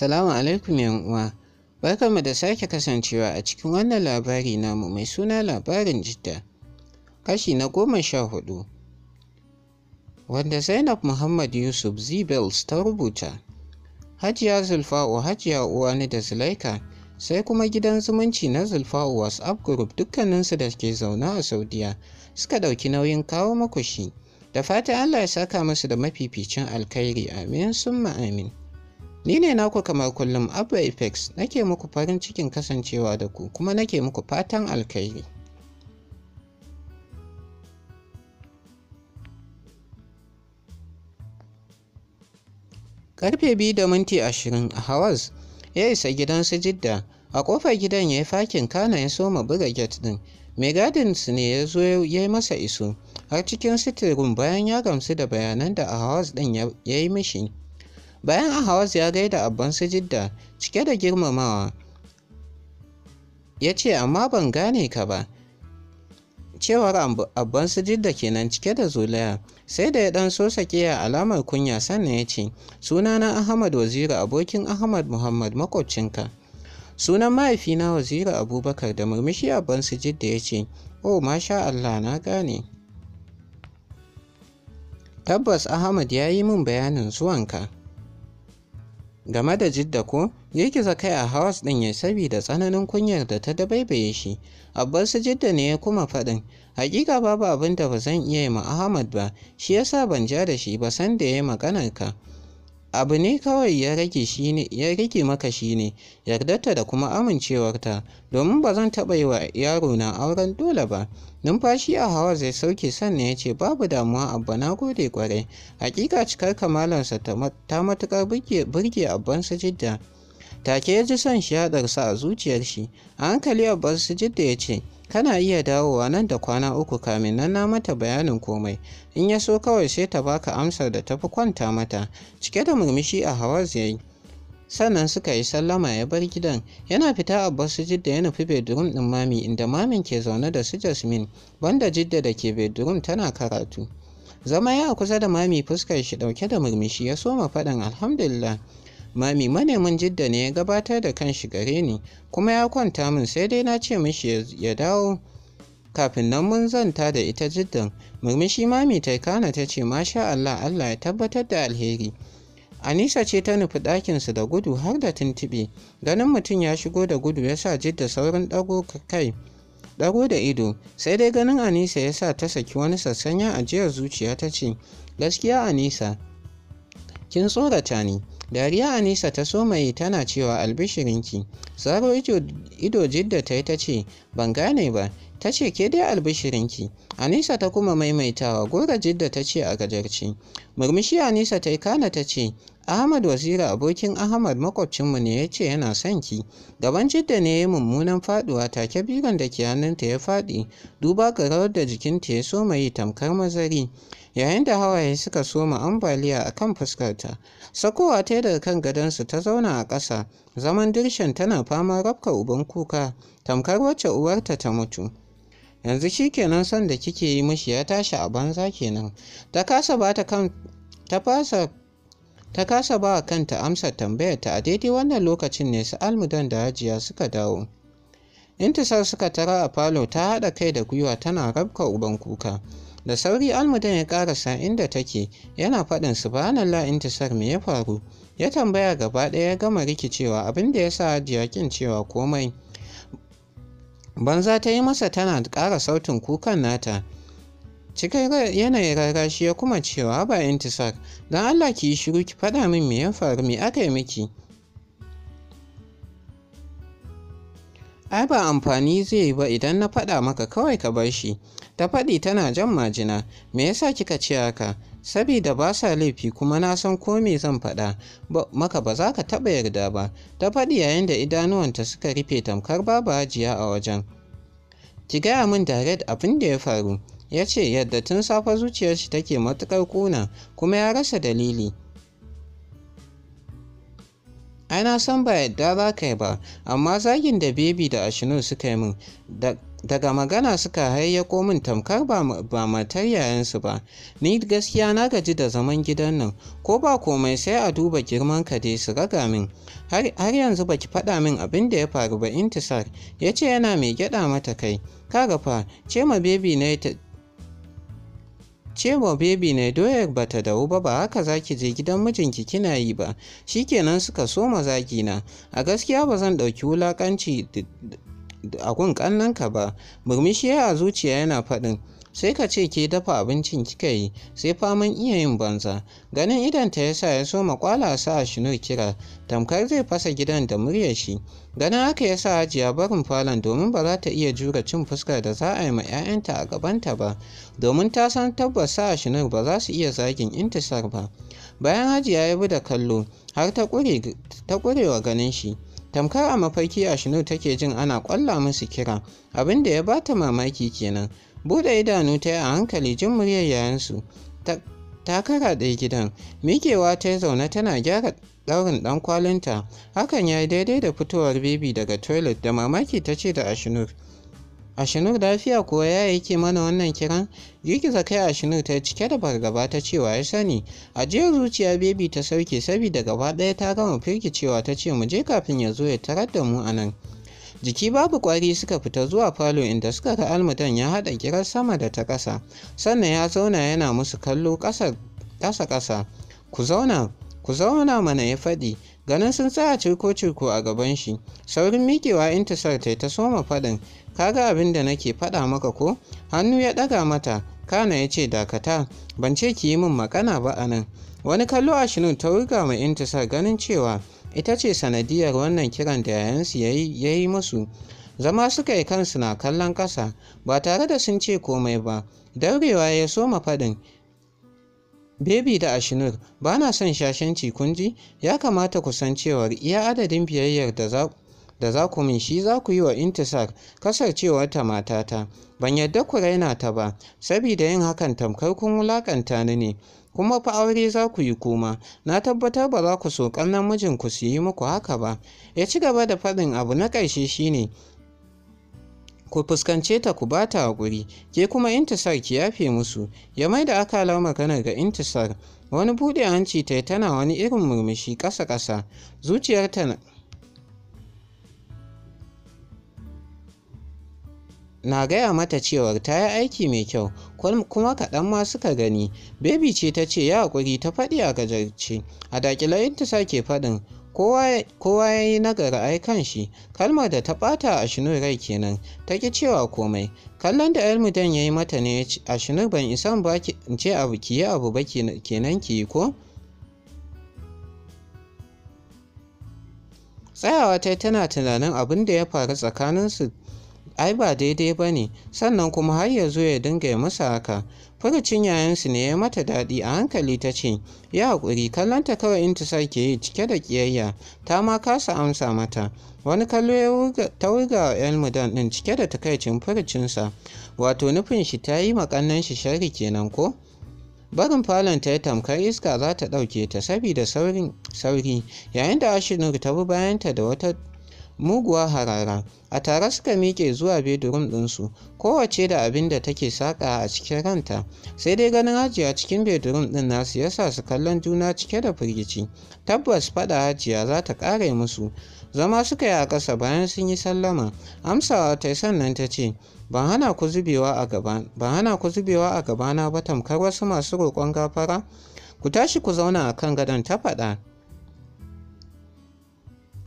Assalamu alaikum uwa. Barkanmu da sake kasancewa a cikin wannan labari namu mai suna labarin jidda. Kashi na goma sha hudu. Wanda Zainab Muhammad Yusuf Zibels ta rubuta. Hajiya Zulfa'u Hajiya Uwani da Zulaika sai kuma gidan zumunci na Zulfa'u WhatsApp Group dukkaninsu da ke zaune a Saudiya suka ɗauki nauyin kawo makushi. Da fatan Allah ya saka musu da mafificin alkhairi amin summa amin. Ni ne naku kamar kullum Abba Apex nake muku farin cikin kasancewa da ku kuma nake muku fatan alkhairi. Karfe biyu da minti ashirin a Hawas ya isa gidan su Jidda a kofar gidan ya yi fakin kana ya soma buga get din. su ne ya zo ya yi masa iso har cikin sitirin bayan ya gamsu da bayanan da a Hawas din ya yi mishi. bayan ahawaz ya gaida Abban jidda cike da girmamawa ya ce amma ban gane ka ba cewar abban su jidda kenan cike da zulaya sai da ya dan so sakiya alamar kunya sannan ya ce na ahmad waziri abokin ahmad muhammad makwabcinka sunan mahaifina waziri abubakar da murmushi abban su ya ce oh masha allah na gane tabbas ahmad ya yi min bayanin zuwanka game da jidda ko ya kiza kai a hawas ɗin ya sabida tsananin kunyar da ta dabaibaye shi abbas jidda ne ya kuma faɗin hakika babu abin da ba zan iya yi ma ahmad ba shi yasa ban ja da shi ba san da ya yi maganar ka abu ne kawai ya rage maka shi ne yardarta da kuma amincewarta domin ba zan taɓa yi wa yaro na auren dole ba numfashi a hawa zai sauke sannan ya ce babu damuwa abba na gode kwarai hakika cikar kamalansa ta matuƙar burge abban jidda take ya ji son shi a zuciyar shi a hankali abban jidda ya ce kana iya dawowa nan da kwana uku kamin nan na mata bayanin komai in ya so kawai sai ta baka amsar da tafi kwanta mata cike da murmushi a Hawa yayi sannan suka yi sallama ya bar gidan yana fita abbas jidda ya nufi bedroom din mami inda mamin ke zaune da su jasmin banda jidda da ke bedroom tana karatu zama ya kusa da mami fuskar shi dauke da murmushi ya soma faɗin alhamdulillah Mami manemin jidda ne ya gabatar da kanshi gare ni kuma ya kwanta min sai dai na ce mishi ya dawo kafin nan mun zanta da ita jiddan murmushi mami ta kana ta ce masha Allah Allah ya tabbatar da alheri Anisa ce ta nufi ɗakinsu da gudu har da tuntuɓe ganin mutum ya shigo da gudu ya sa jidda saurin ɗago kai ɗago da ido sai dai ganin Anisa ya sa ta saki wani sassanya ajiyar zuciya ta ce gaskiya Anisa kin tsorata ni dariya anisa ta so mai tana cewa albishirinki tsaro ido jidda ta yi ta ce ban gane ba ta ce ke dai albishirinki anisa ta kuma maimaitawa gora jidda ta ce a gajarci murmushi anisa ta yi kana ta ce ahmad wazira abokin ahmad makwabcinmu ne ya ce yana son ki gaban jidda ne ya mummunan faduwa take biran da ke hannunta ya faɗi duba ga rawar da jikinta ya so mai tamkar mazari yayin da hawaye suka soma ambaliya a kan fuskarta sakowa ta daga kan gadonsu ta zauna a ƙasa zaman dirshan tana fama rafka uban kuka tamkar wacce uwarta ta mutu yanzu shi kenan son da kike yi mishi ya tashi a banza kenan ta kasa ba ta kanta amsar tambayar ta a daidai wannan lokacin ne su almudan da hajiya suka dawo intisar suka tara a falo ta haɗa kai da gwiwa tana rabka uban kuka da sauri almudin ya karasa inda take yana faɗin subhanallah intisar me ya faru ya tambaya gaba ɗaya ya gama rikicewa abin da ya sa jiyakin cewa komai banza ta yi masa tana ƙara sautin kukan nata cikin yanayin rarrashi ya kuma cewa ba intisar don allah ki yi shiru ki faɗa min me ya faru me aka yi miki ai ba amfani zai yi ba idan na faɗa maka kawai ka bar shi ta faɗi tana jan majina me yasa kika ce haka sabida ba sa laifi kuma na san ko me zan faɗa maka ba za ka taɓa yarda ba ta faɗi yayin da idanuwanta suka rufe tamkar babu hajiya a wajen ki gaya min direct abin da ya faru ya ce yadda tun safe zuciyar shi take matuƙar ƙuna kuma ya rasa dalili ai na san ba yadda za ka yi ba amma zagin da bebi da ashinu suka yi min daga magana suka hayyako min tamkar ba matar yayansu ba ni gaskiya na gaji da zaman gidan nan ko ba komai sai a duba girman ka dai su raga min har yanzu baki faɗa min abin da ya faru ba intisar ya ce yana mai gyaɗa mata kai kaga fa ce ma bebi na cewa bebi ne doyar bata dawo ba ba haka zaki je gidan mijinki kina yi ba Shi kenan suka soma zagina na a gaskiya ba zan ɗauki wulakanci a gun ka ba murmushi ya a zuciya yana faɗin sai ka ce ke dafa abincin kika yi sai faman iya yin banza ganin idan ta yasa ya so makwala sa a shino kira tamkar zai fasa gidan da muryar shi ganin haka ya sa hajiya barin falon domin ba za ta iya jura cin fuskar da za a yi ma 'ya'yanta a gabanta ba domin ta san tabbas sa a shinar ba za su iya zagin intisar ba bayan hajiya ya bi da kallo har ta ƙure wa ganin shi tamkar a mafarki a shinu take jin ana kwalla musu kira abin da ya bata mamaki kenan buɗe idanu ta a hankali jin muryar yayansu ta kara ɗaya gidan mikewa ta zaune tana gyara ɗaurin ɗan kwalinta hakan ya yi daidai da fitowar bibi daga toilet da mamaki ta ce da ashinur ashinu lafiya kuwa ya yake mana wannan kiran? Girgiza kai Ashinur ta cike da fargaba ta cewa ya sani. Ajiyar zuciya bebi ta sauke saboda gaba ɗaya ta gama firgicewa ta ce mu je kafin ya zo ya tarar da mu a nan. Jiki babu kwari suka fita zuwa falo inda suka ga almutan ya haɗa kirar sama da ta ƙasa. Sannan ya zauna yana musu kallo ƙasa-ƙasa. Ku zauna, ku zauna mana ya faɗi. Ganin sun tsaya cirko-cirko a gaban shi. Saurin miƙewa intisar ta ta soma faɗin. ka ga abin da nake faɗa maka ko hannu ya ɗaga mata kana ya ce dakata ban ce ki yi min magana ba a nan wani kallo a shinin ta wuga mai Intisa ganin cewa ita ce sanadiyar wannan kiran da yayansu ya yi musu zama suka yi kansu na kallon ƙasa ba tare da sun ce komai ba daurewa ya soma faɗin Bebi da Ashinur ba na son shashanci kunji ya kamata ku san cewar iya adadin biyayyar da za da za ku min shi za ku yi wa intisar ta matata ban yadda ku raina ta ba sabida yin hakan tamkar kun wulaƙanta ni ne kuma fa aure za ku yi kuma na tabbatar ba za ku so ƙannan ku su yi muku haka ba ya ci gaba da faɗin abu na ƙarshe shine ku fuskance ta ku bata haƙuri ke kuma intisar ki yafe musu ya mai da akalar maganar ga intisar wani buɗe hanci ta tana wani irin murmushi ƙasa-ƙasa zuciyarta na gaya mata cewa ta yi aiki mai kyau kuma kaɗan ma suka gani Baby ce ta ce ya haƙuri ta faɗi a gajarce a daƙilayin ta sake faɗin kowa ya yi nagari ai kan shi kalmar da ta ɓata a shinur rai kenan ta ki cewa komai kallon da elmudan ya yi mata ne a shinur ban isan ba ce abu ki yi abu ba kenan ki yi ko tsayawa ta tana tunanin abin da ya faru tsakaninsu ai ba daidai ba ne sannan kuma har ya zo ya dinga ya masa haka furucin yayansu ne ya mata daɗi a hankali ta ce ya haƙuri kallonta kawai in ta sake yi cike da ƙiyayya ta ma kasa amsa mata wani kallo ya ta wurga elmudan ɗin cike da takaicin furucinsa wato nufin shi ta yi maƙannan shi shari kenan ko barin falon ta yi tamkar iska za ta ɗauke ta saboda sauri yayin da ashinur ta bi bayanta da wata muguwa harara a tare suka miƙe zuwa bedroom ɗinsu kowace da abin da take saƙa a cikin ranta sai dai ganin hajiya cikin bedroom ɗin nasu ya sa su kallon juna cike da firgici tabbas faɗa hajiya za ta ƙare musu zama suka yi a ƙasa bayan sun yi sallama amsawa ta sannan ta ce ban hana ku zubewa a gabana ba tamkar wasu masu roƙon gafara ku tashi ku zauna a kan gadon ta faɗa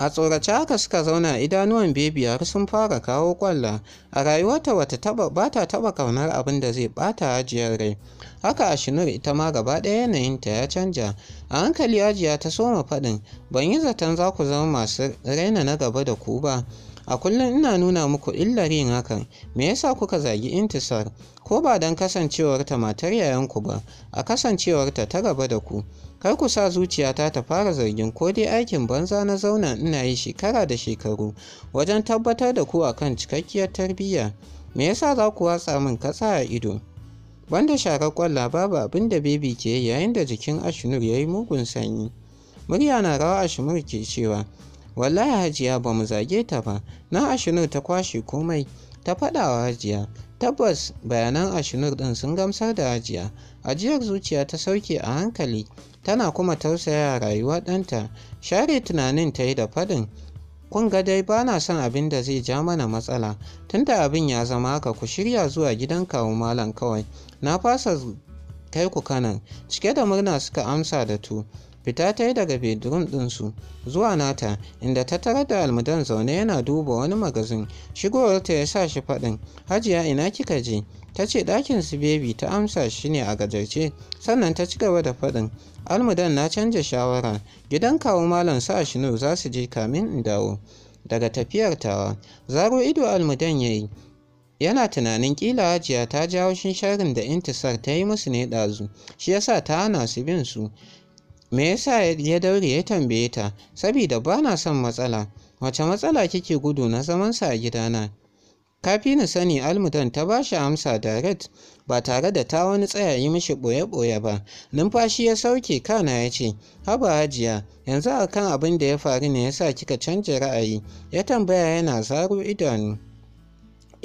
a tsorace haka suka zauna idanuwan bebiyar sun fara kawo kwalla a rayuwarta wata taba ba ta taba kaunar abin da zai bata ajiyar rai haka a shinur ita ma gaba ɗaya yanayinta ya canja a hankali ajiya ta soma faɗin ban yi zaton za ku zama masu raina na gaba da ku ba a kullum ina nuna muku illar yin hakan me yasa kuka zagi intisar ko ba don kasancewarta matar yayanku ba a kasancewarta ta gaba da ku kar ku sa zuciyata ta fara zargin ko dai aikin banza na zauna ina yi shekara da shekaru wajen tabbatar da ku akan cikakkiyar tarbiyya me yasa za ku watsa min katsa a ido banda sharar kwalla babu abin da bebi ke yayin da jikin ashinur ya yi mugun sanyi murya na rawa ashinur ke cewa wallahi hajiya ba mu zage ta ba na ashinur ta kwashe komai ta faɗa wa hajiya tabbas bayanan ashinur ɗin sun gamsar da hajiya ajiyar zuciya ta sauke a hankali tana kuma tausaya rayuwa ɗanta share tunanin ta yi da faɗin kun ga dai ba na son abin da zai ja mana matsala tunda abin ya zama haka ku shirya zuwa gidan kawu malam kawai na fasa kai ku kanan cike da murna suka amsa da tu fita ta yi daga bedroom ɗinsu zuwa nata inda ta tarar da almudan zaune yana duba wani magazin shigowarta ya sa shi faɗin hajiya ina kika je ta ce ɗakin su bebi ta amsa shi ne a gajarce sannan ta ci gaba da faɗin almudan na canja shawara gidan kawo malam sa shino za su je kamin in dawo daga tafiyar tawa zaro ido almudan ya yi yana tunanin kila hajiya ta jawo shin sharin da intisar ta yi musu ne ɗazu shi yasa ta hana su bin su me yasa ya daure ya tambaye ta saboda ba na son matsala wace matsala kike gudu na zamansa a gidana kafi ni sani almudan ta ba shi amsa direct ba tare da ta wani tsaya yi mishi ɓoye-ɓoye ba numfashi ya sauke kana ya ce haba hajiya yanzu akan abin da ya faru ne ya sa kika canja ra'ayi ya tambaya yana zaro idanu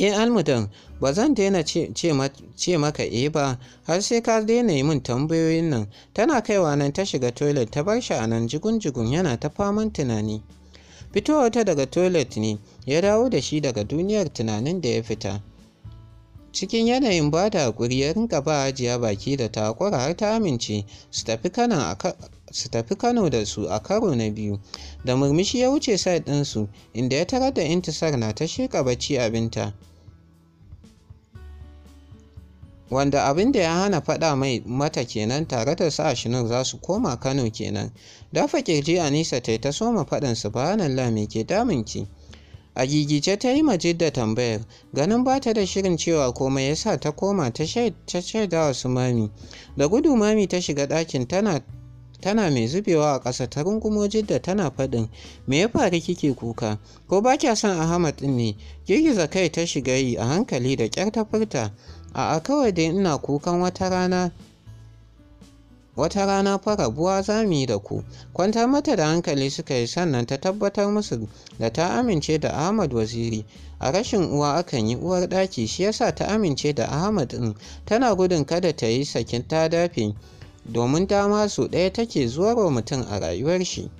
eh almutan ba zan daina ce maka eh ba har sai ka daina yi min tambayoyin nan tana kaiwa nan ta shiga toilet ta bar shi a nan jigun-jigun yana ta faman tunani fitowa ta daga toilet ne ya dawo da shi daga duniyar tunanin da ya fita cikin yanayin ba da haƙuri ya rinka ba hajiya baki da takura har ta amince su tafi kano da su a karo na biyu da murmushi ya wuce side ɗinsu inda ya tarar da intisar na ta sheka bacci abinta wanda abin da ya hana faɗa mai mata kenan tare da sa shinur za su koma kano kenan dafa kirji anisa ta ta soma faɗin subhanallah me ke ki? a gigice ta yi da tambayar ganin ba ta da shirin cewa komai ya sa ta koma ta shaida wa su mami da gudu mami ta shiga ɗakin tana tana mai zubewa a ƙasa ta rungumo jidda tana faɗin me ya faru kike kuka ko ba kya son ahmad ɗin ne girgiza kai ta shiga yi a hankali da kyar ta furta A'a kawai dai ina kukan wata rana wata rana fa rabuwa za mu yi da ku kwantar mata da hankali suka yi sannan ta tabbatar musu da ta amince da ahmad waziri a rashin uwa akan yi uwar ɗaki shi yasa ta amince da ahmad ɗin tana gudun kada ta yi sakin ta dafe domin dama su ɗaya take zuwar mutum a rayuwar shi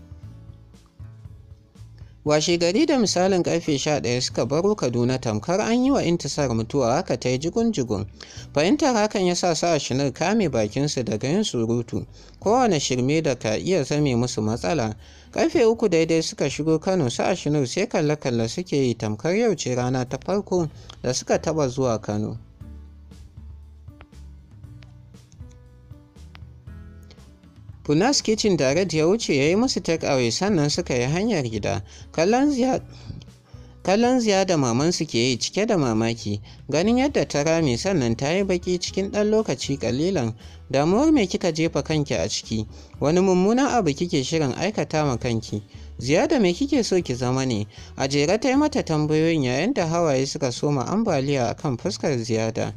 washegari da misalin karfe 11 suka baro kaduna tamkar an yi wa intasar mutuwa haka ta yi jigun-jigun fahimtar hakan ya sa sa shinar kame bakinsu daga yin surutu kowane shirme da ka iya zame musu matsala karfe uku daidai suka shigo kano sa shinar sai kalle-kalle suke yi tamkar yau ce rana ta farko da suka taɓa zuwa kano Funas kicin Direct ya wuce ya yi musu take sannan suka yi hanyar gida. Kallon ziya da mamansu ke yi cike da mamaki, ganin yadda ta rame sannan ta yi baki cikin ɗan lokaci ƙalilan. Damuwar me kika jefa kanki a ciki, wani mummunan abu kike shirin aikata ma kanki. da me kike so ki zama ne? A jere ta yi mata tambayoyin yayin da hawaye suka soma ambaliya a kan fuskar ziyada.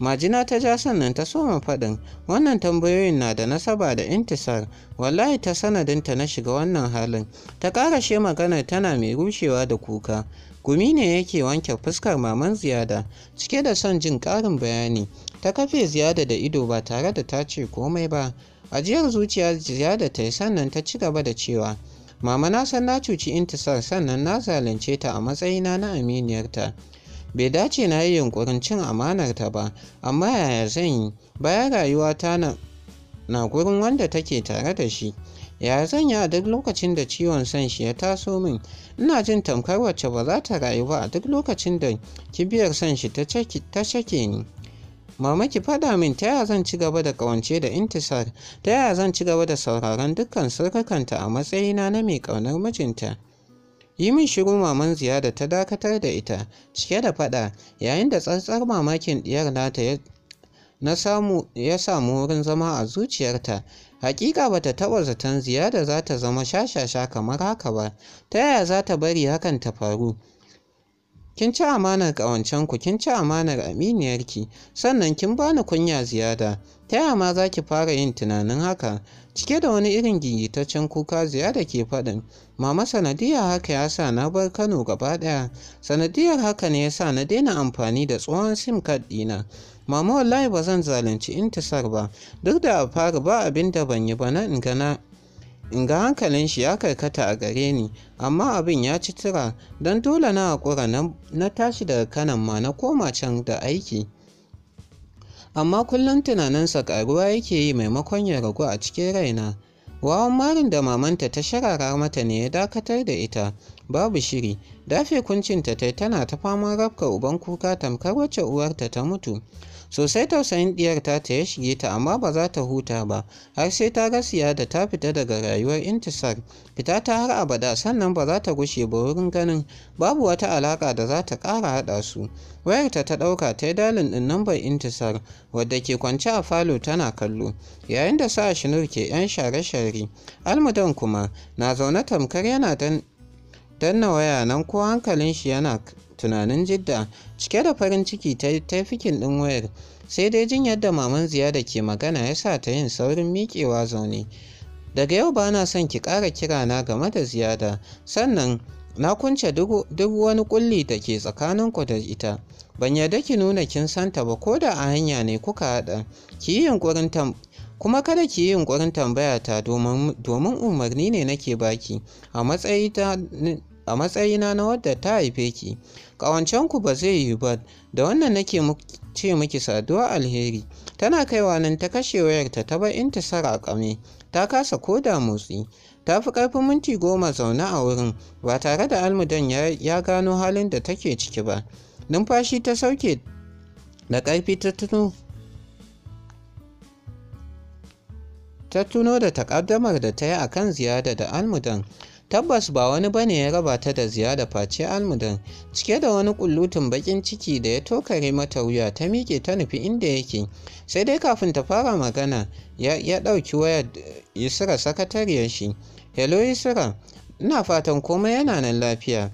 majina ta ja sannan ta soma faɗin wannan tambayoyin na da nasaba da intisar wallahi ta sanadinta na shiga wannan halin ta ƙarashe maganar tana mai rushewa da kuka gumi ne yake wanke fuskar maman ziyada cike da son jin ƙarin bayani ta kafe ziyada da ido ba tare da ta ce komai ba ajiyar zuciya ziyada ta yi sannan ta ci gaba da cewa mama na san na cuci intisar sannan na zalunce ta a matsayina na aminiyarta bai dace na yi yunkurin cin amanarta ba amma yaya zan yi bayan rayuwata na na gurin wanda take tare da shi ya zan yi a duk lokacin da ciwon san shi ya taso min ina jin tamkar wacce ba za ta rayu ba a duk lokacin da kibiyar san shi ta shake ni mama ki faɗa min ta yaya zan ci gaba da ƙawance da intisar ta yaya zan ci gaba da sauraron dukkan sirrikanta a matsayina na mai ƙaunar mijinta Yi min shiru maman ziyada ta dakatar da ita cike da faɗa yayin da tsantsar mamakin ɗiyar nata ya na samu ya samu wurin zama a zuciyarta hakika ta taɓa zaton ziyada za ta zama shashasha kamar haka ba ta yaya za ta bari hakan ta faru kin ci amanar ƙawancenku kin ci amanar aminiyarki sannan kin bani kunya ziyada ta yaya ma za ki fara yin tunanin haka cike da wani irin gigitaccen kuka ziya da ke faɗin mama sanadiyar haka ya sa na bar kano gaba ɗaya sanadiyar haka ne ya sa na daina amfani da tsohon sim card ɗina mama wallahi ba zan zalunci intisar ba duk da a fara ba abin da ban yi ba na ingana in ga hankalin shi ya karkata a gare ni amma abin ya ci tura don dole na haƙura na tashi daga kanan ma na koma can da aiki amma kullum tunaninsa ƙaruwa yake yi maimakon ya ragu a cikin raina wawan marin da mamanta ta sharara mata ne ya dakatar da ita babu shiri dafe kuncinta tai tana ta faman rafka uban kuka tamkar wacce uwarta ta mutu sosai tausayin diyar ta ta ya shige ta amma ba za ta huta ba har sai ta gasiya da ta fita daga rayuwar intisar fita ta har abada sannan ba za ta gushe ba wurin ganin babu wata alaka da za ta ƙara haɗa su wayarta ta ɗauka ta yi dalin din nambar intisar wadda ke kwance a falo tana kallo yayin da sa shinur ke 'yan share-share almudan kuma na zaune tamkar yana danna waya nan ko hankalin shi yana tunanin jidda cike da farin ciki ta yi taifikin ɗin wayar sai dai jin yadda maman ziyada ke magana ya sa ta yin saurin miƙewa zaune daga yau ba na son ki ƙara kirana game da ziyada sannan na kunce duk wani ƙulli da ke tsakaninku da ita ban yarda ki nuna kin santa ba ko da a hanya ne kuka haɗa kuma kada ki yi yunƙurin tambaya ta domin umarni ne nake baki a matsayi a matsayina na wadda ta haife ki ku ba zai yi ba da wannan nake ce miki saduwa alheri tana kaiwa nan ta kashe wayarta ta bar inta sara kame ta kasa koda motsi ta fi ƙarfin minti goma zaune a wurin ba tare da almudan ya gano halin da take ciki ba numfashi ta sauke da ƙarfi ta tuno ta tuno da takaddamar da ta yi a kan ziyada da almudan Tabbas ba wani ba ne ya raba ta da ziyada face almudan, cike da wani kullutun bakin ciki da ya tokare mata wuya ta miƙe ta nufi inda yake, sai dai kafin ta fara magana ya ɗauki wayar Yusra sakatariyar shi. Hello Yusra, ina fatan komai yana nan lafiya.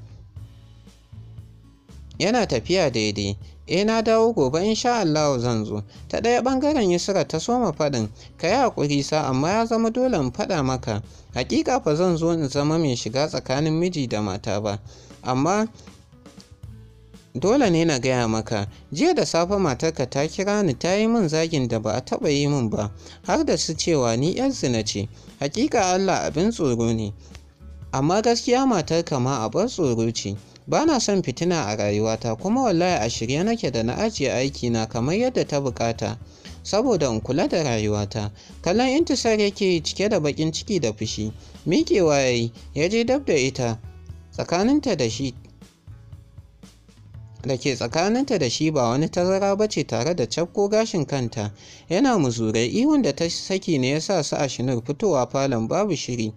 Yana tafiya daidai, Eh na dawo gobe insha Allahu zan zo. Ta ɗaya ɓangaren Yusra ta soma faɗin, ka yi haƙuri sa amma ya zama dole in faɗa maka. Hakika fa zan zo in zama mai shiga tsakanin miji da mata ba. Amma dole ne na gaya maka jiya da safe matarka ta kira ni ta yi min zagin da ba a taɓa yi min ba har da su cewa ni yar zina ce hakika allah abin tsoro ne amma gaskiya matarka ma a tsoro ce Ba na son fitina a rayuwata kuma wallahi a shirye nake da na ajiye aikina kamar yadda ta bukata saboda in kula da rayuwata. Kallon intisar yake cike da bakin ciki da fushi. Miƙewa ya yi ya je dab da ita tsakaninta da shi da ke tsakaninta da shi ba wani tazara ba ce tare da cafko gashin kanta yana muzure ihun da ta saki ne ya sa su a shinur fitowa falon babu shiri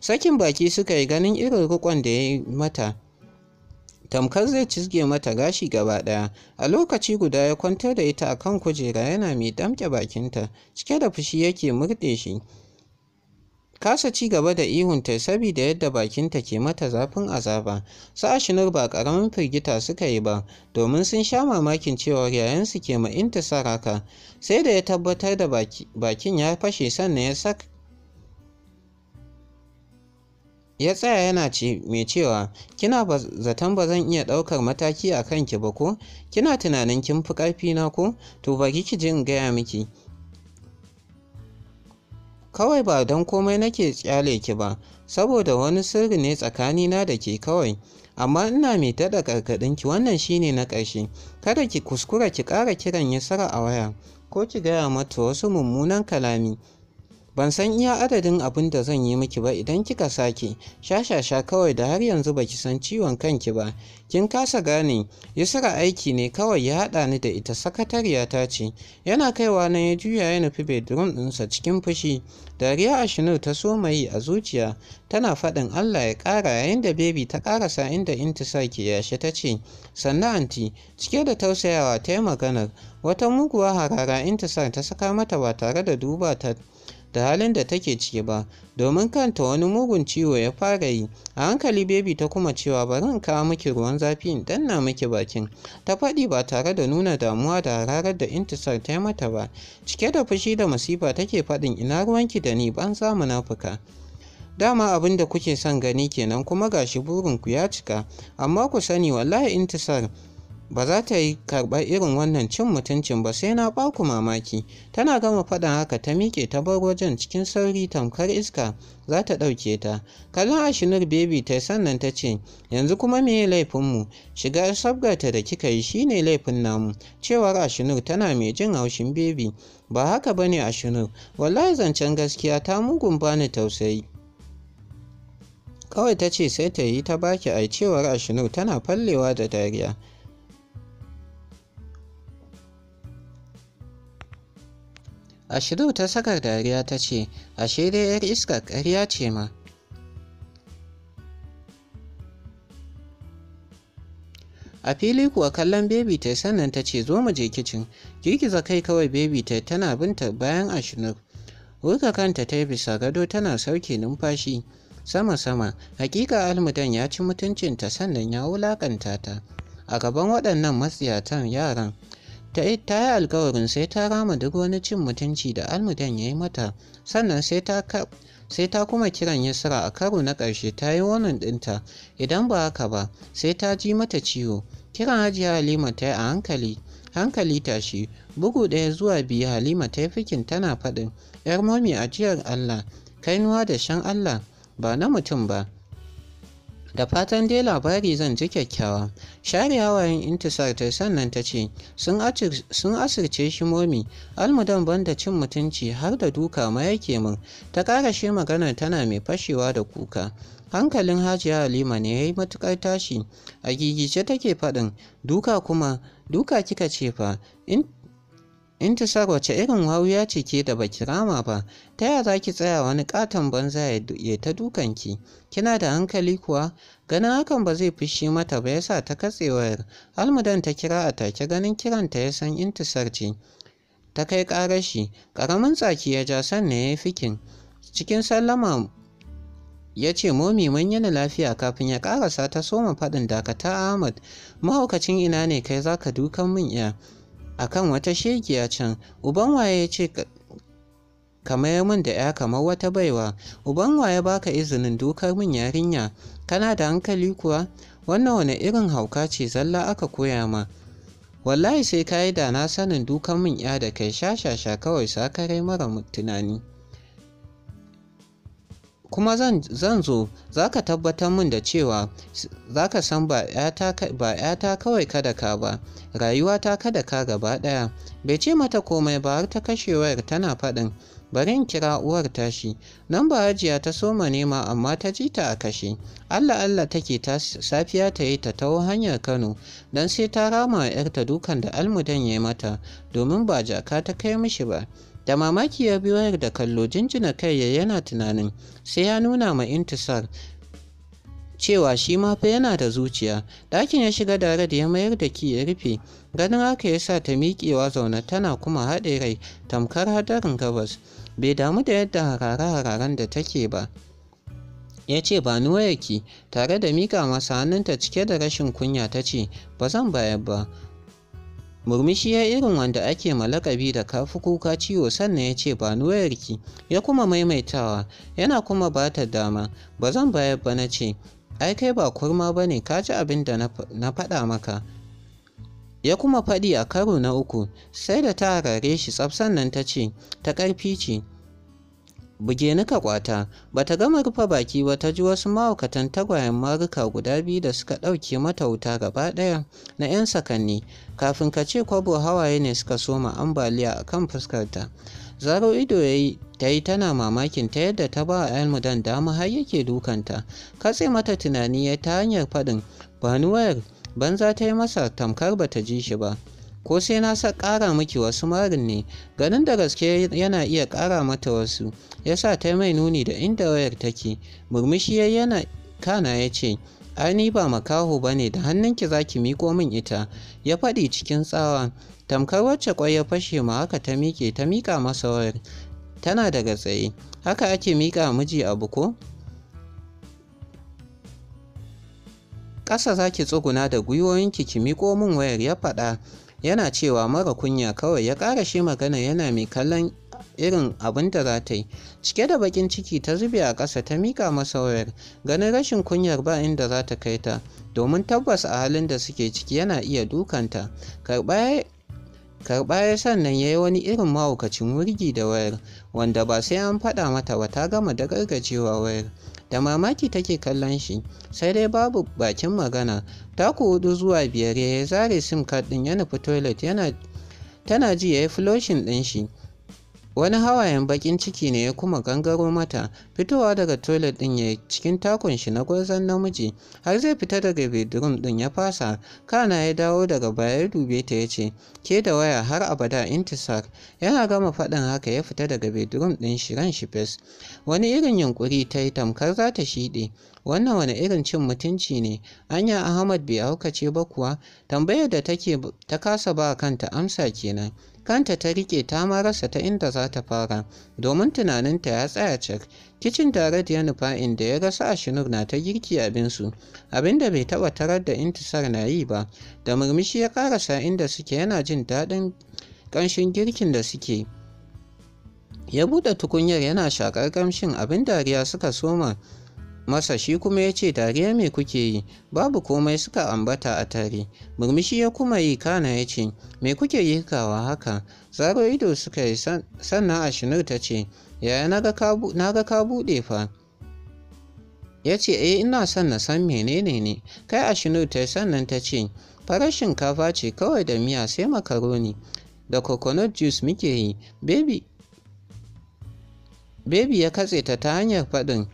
sakin baki suka yi ganin irin rikon da ya yi mata tamkar zai cizge mata gashi gaba ɗaya a lokaci guda ya kwantar da ita a kan kujera yana mai damƙe bakinta cike da fushi yake murɗe shi kasa ci gaba da ihunta saboda yadda bakinta ke mata zafin azaba su ashinur ba ƙaramin firgita suka yi ba domin sun sha mamakin cewar yayansu ke ma saraka sai da ya tabbatar da bakin ya fashe sannan ya sak Ya tsaya yana ce mai cewa, kina ba zaton ba zan iya ɗaukar mataki a kanki ba ko? Kina tunanin kin fi na ko? To ba ki ji in gaya miki. Kawai ba don komai nake kyale ki ba, saboda wani sirri ne tsakanina da ke kawai. Amma ina mai daɗa ƙarƙaɗinki wannan shine na ƙarshe. Kada ki kuskura ki ƙara kiran yasara a waya, ko ki gaya mata wasu mummunan kalami. Ban san iya adadin abin da zan yi miki ba idan kika sake, shashasha kawai da har yanzu baki san ciwon kanki ba, kin kasa gane, Yusra aiki ne kawai ya haɗa ni da ita sakatariya ta ce, yana kaiwa na ya juya ya nufi bedroom ɗinsa cikin fushi, dariya Ashinu ta so mai a zuciya, tana faɗin Allah ya ƙara yayin da bebi ta ƙarasa inda intisa ke yashe ta ce, sannan anti, cike da tausayawa ta yi maganar, wata muguwa harara sa ta saka mata ba tare da duba ta. da halin da take ciki ba domin kanta wani mugun ciwo ya fara yi a hankali bebi ta kuma cewa bari in kawo miki ruwan zafi in danna miki bakin ta faɗi ba tare da nuna damuwa da hararar da intisar ta mata ba cike da fushi da masifa take faɗin ina ruwanki da ni ban za munafuka dama abin da kuke son gani kenan kuma gashi burinku ya cika amma ku sani wallahi intisar ba za ta yi karɓar irin wannan cin mutuncin ba sai na baku mamaki tana gama faɗan haka ta miƙe ta bar wajen cikin sauri tamkar iska za ta ɗauke ta kallon ashinur bebi ta sannan ta ce yanzu kuma me laifinmu shiga sabgarta da kika yi shine laifin namu cewar ashinur tana mai jin haushin bebi ba haka ba ne ashinur wallahi zancen gaskiya ta mugun bani tausayi kawai ta ce sai ta yi ta baki ai cewar ashinur tana fallewa da dariya ashiru ta saka dariya ta ce ashe dai yar iska ƙarya ce ma a fili kuwa kallon bebi ta sannan ta ce zo mu je kicin girgiza kai kawai Baby ta tana binta bayan ashirin wuka kanta ta bisa gado tana sauke numfashi sama-sama hakika almudan ya ci mutuncinta sannan ya wulakanta ta a gaban waɗannan matsiyatan yaran ta yi alkawarin sai ta rama duk wani cin mutunci da almudan ya yi mata sannan sai ta kuma kiran yasra a karo na ƙarshe ta yi wannan ɗinta idan ba haka ba sai ta ji mata ciwo kiran hajiya halima ta yi a hankali hankali tashi bugu ɗaya zuwa biyu halima ta yi fikin tana faɗin yar momi ajiyar allah kainuwa da shan allah ba na mutum ba da fatan dai labari zan ji kyakkyawa share hawayen intisar ta sannan ta ce sun asirce shi momi almudan banda cin mutunci har da duka ma yake min ta ƙara shi maganar tana mai fashewa da kuka hankalin hajiya halima ne ya yi matuƙar tashi a gigice take faɗin duka kuma duka kika ce fa intisar wace irin wawiya ce ke da baki rama ba ta yaya za ki tsaya wani katon banza ya ta dukanki kina da hankali kuwa ganin hakan ba zai fushi mata ba yasa ta katse wayar almudan ta kira a take ganin kiranta ya san intisar ce ta kai ƙarashi ƙaramin tsaki ya ja sannan ya yi fikin cikin sallama ya ce momi mun yana lafiya kafin ya ƙarasa ta soma faɗin dakata ahmad mahaukacin ina ne kai za ka dukan min iya akan wata shegiya can uban waye ya ce ka mayar min da ya kamar wata baiwa uban waye baka izinin dukar min yarinya kana da hankali kuwa wannan wani irin hauka ce zalla aka koya ma wallahi sai ka yi da na sanin dukan min ya da kai shashasha kawai sakarai mara tunani kuma zan zo za ka tabbatar min da cewa za ka san ba ‘yata kawai kada ka ba rayuwa ta kada ka gaba ɗaya bai ce mata komai ba har ta kashe wayar tana faɗin bari in kira uwar tashi nan ba hajiya ta soma nema amma ta ji ta a kashe allah allah take ta safiya ta yi ta taho hanyar kano don sai ta rama yarta dukan da almudan ya mata domin ba jaka ta kai mishi ba da mamaki ya bi wayar da kallo jinjina kai ya yana tunanin sai ya nuna ma intisar cewa shi ma fa yana da zuciya ɗakin ya shiga da da ya mayar da ki ya rufe ganin haka ya sa ta miƙewa zaune tana kuma haɗe rai tamkar hadarin gabas bai damu da yadda harare-hararen da take ba ya ce ba ni wayarki tare da miƙa masa hannunta cike da rashin kunya ta ce ba zan bayar ba Murmushi ya irin wanda ake ma lakabi da kafi kuka ciwo sannan ya ce ba ki ya kuma maimaitawa yana kuma ba ta dama ba zan bayar ba na ce ai kai ba kurma ba ne ka ji abin da na faɗa maka ya kuma faɗi a karo na uku sai da ta harare shi tsaf sannan ta ce ta ƙarfi ce buge ni ka kwata ta gama rufe baki ba ta ji wasu mahaukatan tagwayen maruka guda biyu da suka ɗauke mata wuta gaba ɗaya na 'yan sakanni kafin ka ce kwabo hawaye ne suka soma ambaliya a kan fuskarta zaro ido ya yi ta yi tana mamakin ta yadda ta ba dan dama har yake dukanta katse mata tunani ya ta hanyar faɗin ba wayar banza ta yi masa tamkar ba ta ji shi ba ko sai na sa ƙara miki wasu marin ne ganin da gaske yana iya ƙara mata wasu ya sa ta mai nuni da inda wayar take murmushi yana kana ya ce ni ba makaho ba ne da hannunki za ki miƙo min ita ya faɗi cikin tsawa tamkar wacce ƙwai ya fashe ma haka ta miƙe ta miƙa masa wayar tana daga tsaye haka ake miƙa miji abu ko ƙasa za ki tsuguna da gwiwoyinki ki miƙo min wayar ya faɗa yana cewa mara kunya kawai ya ƙara shi magana yana mai kallon irin abin da za ta yi cike da bakin ciki ta zube a ƙasa ta mika masa wayar ganin rashin kunyar ba inda za ta kai ta domin tabbas a halin da suke ciki yana iya dukanta karɓa ya sannan ya yi wani irin mahaukacin wurgi da wayar wanda ba sai an faɗa mata ba ta gama da gargajewa wayar da mamaki take kallon shi sai dai babu bakin magana Ta ku hudu zuwa biyar ya zare sim card ɗin ya nufi toilet yana tana ji ya yi floshin ɗin shi Wani hawayen bakin ciki ne ya kuma gangaro mata, fitowa daga toilet ɗin ya cikin takun shi na gwarzon namiji, har zai fita daga bedroom ɗin ya fasa, kana ya dawo daga baya ya dube ta ya ce, ke da waya har abada intisar, yana gama faɗin haka ya fita daga bedroom ɗin shi ran shi fes. Wani irin yunkuri ta yi tamkar za ta shiɗe, wannan wani irin cin mutunci ne, anya Ahmad bai aukace ba kuwa, tambayar da take ta kasa ba kanta amsa kenan. kanta ta rike ta ma rasa ta inda za ta fara domin tunaninta ya tsaya cak kicin tare da yana fa'in da ya rasa a shinur na ta girki abinsu abinda bai taɓa tarar da intisar na yi ba da murmushi ya karasa inda suke yana jin daɗin ƙanshin girkin da suke ya buɗe tukunyar yana shakar ƙamshin abin dariya suka soma masa shi kuma ya ce dariya me kuke yi babu komai suka ambata a tare murmushi ya kuma yi kana ya ce me kuke kawa haka zaro ido suka yi sannan ashinur ta ce yaya na ga ka buɗe fa ya ce eh ina son na san menene ne kai ashinur ta sannan ta ce farar shinkafa ce kawai da miya sai makaroni da coconut juice muke yi baby Baby ya katse ta ta hanyar faɗin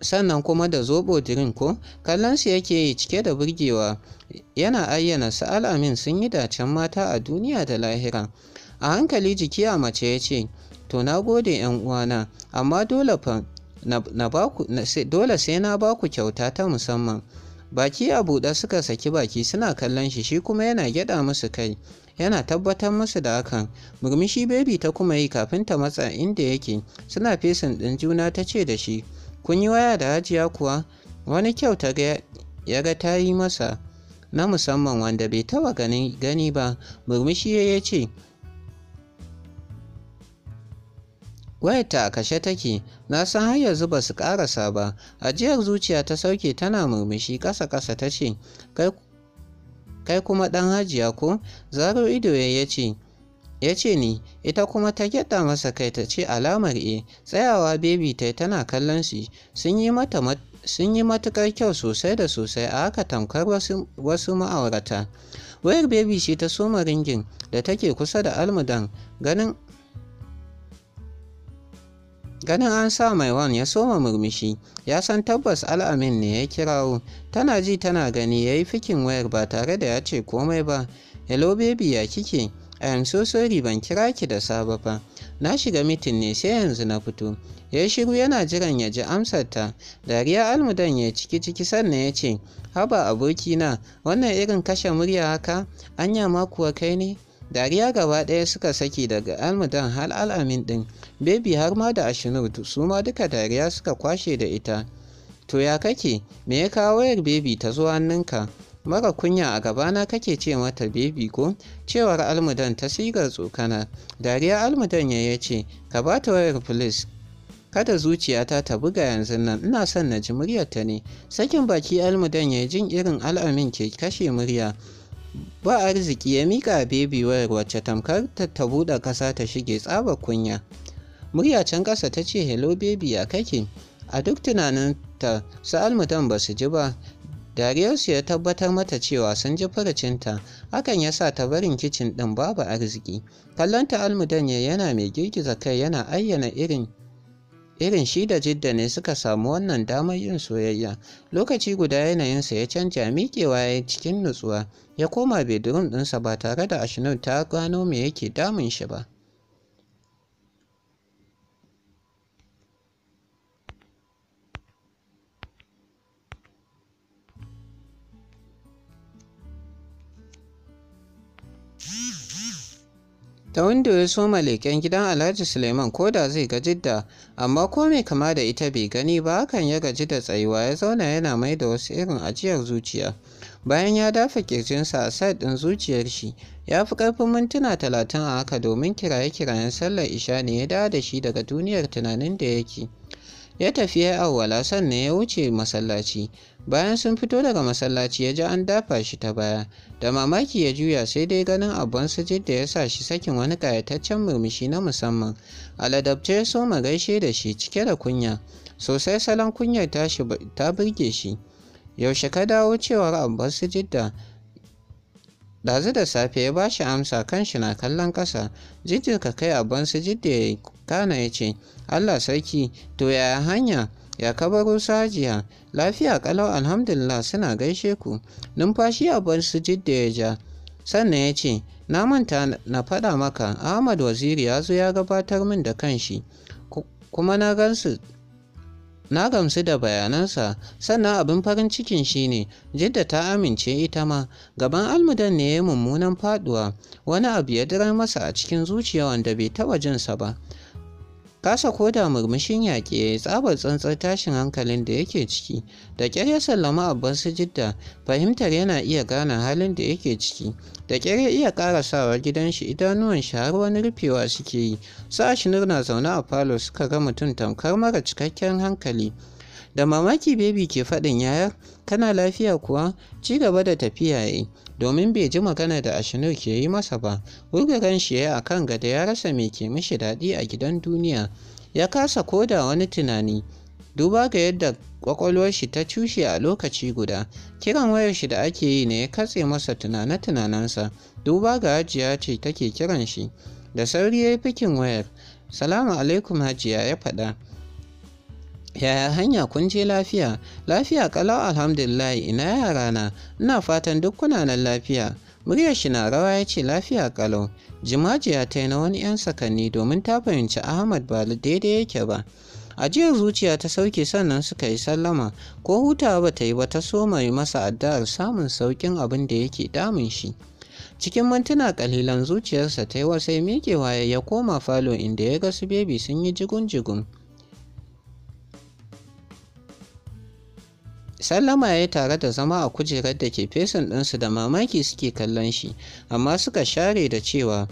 sannan kuma da zobo drink ko su yake yi cike da burgewa yana ayyana su alamin sun yi dacen mata a duniya da lahira a hankali jiki a mace ya ce to na gode yan uwana amma dole fa dole sai na baku kyauta ta musamman baki a buɗe suka saki baki suna kallon shi shi kuma yana gyaɗa musu kai yana tabbatar musu da hakan murmushi baby ta kuma yi kafin ta matsa inda yake suna fesin ɗin juna ta ce da shi kun yi waya da hajiya kuwa wani kyau ta ga ya ga ta yi masa na musamman wanda bai taba gani ba murmushi ya ce wayarta a kashe take na san har yanzu ba su karasa ba ajiyar zuciya ta sauke tana murmushi ƙasa-ƙasa ta ce kai kuma dan hajiya ko zaro ido ya ce ya ce ni ita kuma ta gyaɗa masa kai ta ce alamar e tsayawa bebi tai tana kallon shi sun yi mata sun yi matuƙar kyau sosai da sosai a haka tamkar wasu, wasu ma'aurata wayar baby shi ta soma ringin da take kusa da almudan ganin ganin an sa mai wan ya soma murmushi ya san tabbas al'amin ne ya kirawo tana ji tana gani ya yi fikin wayar ba tare da ya ce komai ba hello baby ya kike A yanzu so sorry ban kira ki da saba fa. Na shiga mitin ne sai yanzu na fito. Ya shiru yana jiran ya ji amsarta. Dariya almudan ya ciki ciki sannan ya ce, Haba abokina, wannan irin kashe murya haka, anya ma kuwa kai ne? Dariya gaba ɗaya suka saki daga almudan hal al'amin ɗin. Bebi har ma da ashinur su ma duka dariya suka kwashe da ita. To ya kake, me ya kawo wayar bebi ta zo hannunka? mara kunya a gabana kake ce mata bebi ko cewar almudan ta sigar tsokana dariya almudan ya ce ka ba ta wayar filis kada zuciyata ta buga yanzu nan ina son na ji muryarta ne sakin baki almudan ya jin irin al'amin ke kashe murya ba arziki ya mika bebi wayar wacce tamkar ta buɗe ƙasa ta shige tsabar kunya murya can ƙasa ta ce hello bebi ya kake a duk tunaninta su almudan ba su ji ba dariyarsu ya tabbatar mata cewa sun ji furucinta hakan ya sa ta barin kicin ɗin babu arziki kallonta almudanya yana mai girgiza kai yana ayyana irin irin shi da jidda ne suka samu wannan damar yin soyayya lokaci guda yanayinsa ya canja miƙewa ya cikin nutsuwa ya koma bedroom ɗinsa ba tare da ashirin ta gano me yake damun shi ba da wanda ya soma leƙen gidan alhaji suleiman ko da zai gaji da amma ko mai kama da ita bai gani ba hakan ya gaji da tsayuwa ya zauna yana mai da wasu irin ajiyar zuciya bayan ya dafa kirjinsa a side ɗin zuciyar shi ya fi ƙarfin mintuna talatin a haka domin kiraye-kirayen sallar isha ne ya dawo da shi daga duniyar tunanin da yake ya tafi ya awwala sannan ya wuce masallaci bayan sun fito daga masallaci ya ji an dafa shi ta baya da mamaki ya juya sai dai ganin abban sajid da ya sa shi sakin wani ƙayataccen murmushi na musamman aladabce ya so gaishe da shi cike da kunya sosai salon kunyar ta burge shi yaushe ka dawo cewar abban sajid da dazu da safe ya bashi amsa kan shi na kallon ƙasa jijjirka kai abban sajid da ya kana ya ce allah sarki to yaya hanya Ya kabaru sajiya, lafiya kalau alhamdulillah suna gaishe ku. Numfashi a bar su jidda ya ja. Sannan ya ce, na manta na faɗa maka, Ahmad Waziri ya zo ya gabatar min da kanshi, kuma na gansu Na gamsu da bayanansa, sannan abin farin cikin shine. Jidda ta amince ita ma, gaban almudan ne ya yi mummunan faduwa, wani abu ya masa a cikin zuciya wanda bai taba jinsa ba, Kasa ko da murmushin yaƙi ya yi tsabar tsantsar tashin hankalin da yake ciki, da ƙyar ya sallama abban sujidda fahimtar yana iya gane halin da yake ciki, da ƙyar ya iya sawa gidan shi idanuwan shi har wani rufewa suke yi, sa shi nurna zaune a falo suka ga mutum tamkar mara cikakken hankali. da mamaki baby ke faɗin yaya kana lafiya kuwa ci gaba da tafiya yi eh. domin bai ji magana da ashino ke yi masa ba wurga shi ya a kan gada ya rasa mai ke mishi daɗi a gidan duniya ya kasa koda wani tunani duba ga yadda kwakwalwar shi ta cushe a lokaci guda kiran wayar shi da ake yi ne ya katse masa tunane tunaninsa. duba ga hajiya ce take kiran shi da sauri ya yi fikin wayar salamu alaikum hajiya ya faɗa Yaya hanya kun je lafiya? Lafiya kalau alhamdulillah ina yarana, ina fatan duk kuna nan lafiya. Muryar shi na rawa ya ce lafiya kalau. Jimajiya ta yi na wani 'yan sakanni domin ta fahimci Ahmad ba daidai yake ba. ajiyar zuciya ta sauke sannan suka yi sallama ko hutawa ba ta yi ba ta so mai masa addu'ar samun saukin abin da yake damun shi cikin mintuna kalilan zuciyarsa ta yi wasai miƙewa ya koma falo inda ya ga su bebi sun yi jigun-jigun sallama ya tare da zama a kujerar da ke fesan ɗinsu da mamaki suke kallon shi amma suka share da cewa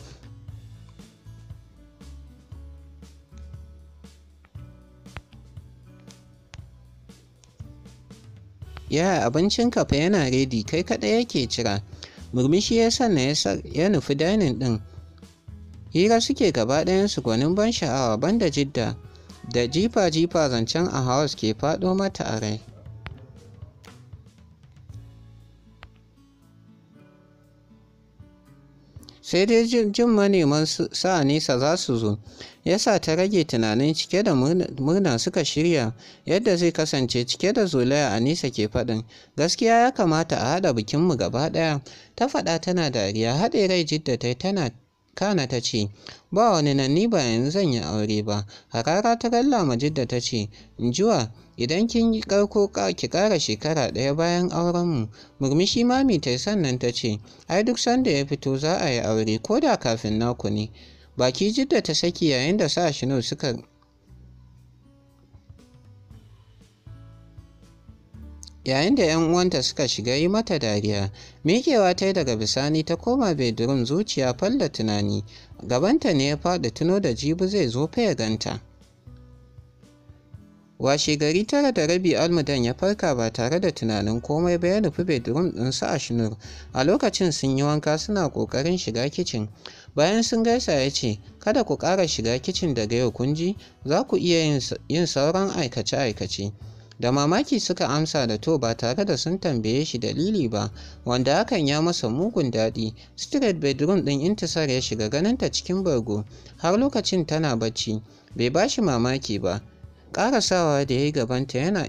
ya abincin kafa yana redi kai kaɗai yake cira murmushi ya sanna ya nufi dainin ɗin hira suke gaba ɗayansu gwanin ban sha'awa banda jidda da jifa-jifa zancen a house ke faɗo mata a rai sai dai jin maneman sa Nisa za su zo yasa ta rage tunanin cike da murna suka shirya yadda zai kasance cike da zolaya a nisa ke faɗin gaskiya ya kamata a haɗa bikinmu gaba ɗaya ta faɗa tana dariya haɗe rai jidda tana Kana ta ce, Ba wani nan ni ba yanzu zan yi aure ba. Harara ta galla Majidda ta ce, Juwa, idan kin yi karko ki ƙara shekara ɗaya bayan aurenmu. Murmushi mami ta yi sannan ta ce, Ai duk sanda ya fito za a yi aure ko da kafin naku ne. Baki Jidda ta saki yayin da sa shino suka yayin da 'yan uwanta suka shiga yi mata dariya miƙewa ta yi daga bisani ta koma bedroom zuciya falla tunani gabanta ne ya faɗi tuno da jibi zai zo ya ganta washe gari tara da rabi almudan ya farka ba tare da tunanin komai ba ya nufi bedroom ɗinsa a shinur a lokacin sun yi wanka suna ƙoƙarin shiga kicin bayan sun gaisa ya ce kada ku ƙara shiga kicin daga yau kun ji, za ku iya yin sauran aikace-aikace da mamaki suka amsa da to ba tare da sun tambaye shi dalili ba wanda hakan ya masa mugun daɗi street bedroom ɗin intisar ya shiga ganinta cikin bargo har lokacin tana bacci bai bashi mamaki ba ƙarasawa da ya yi gabanta yana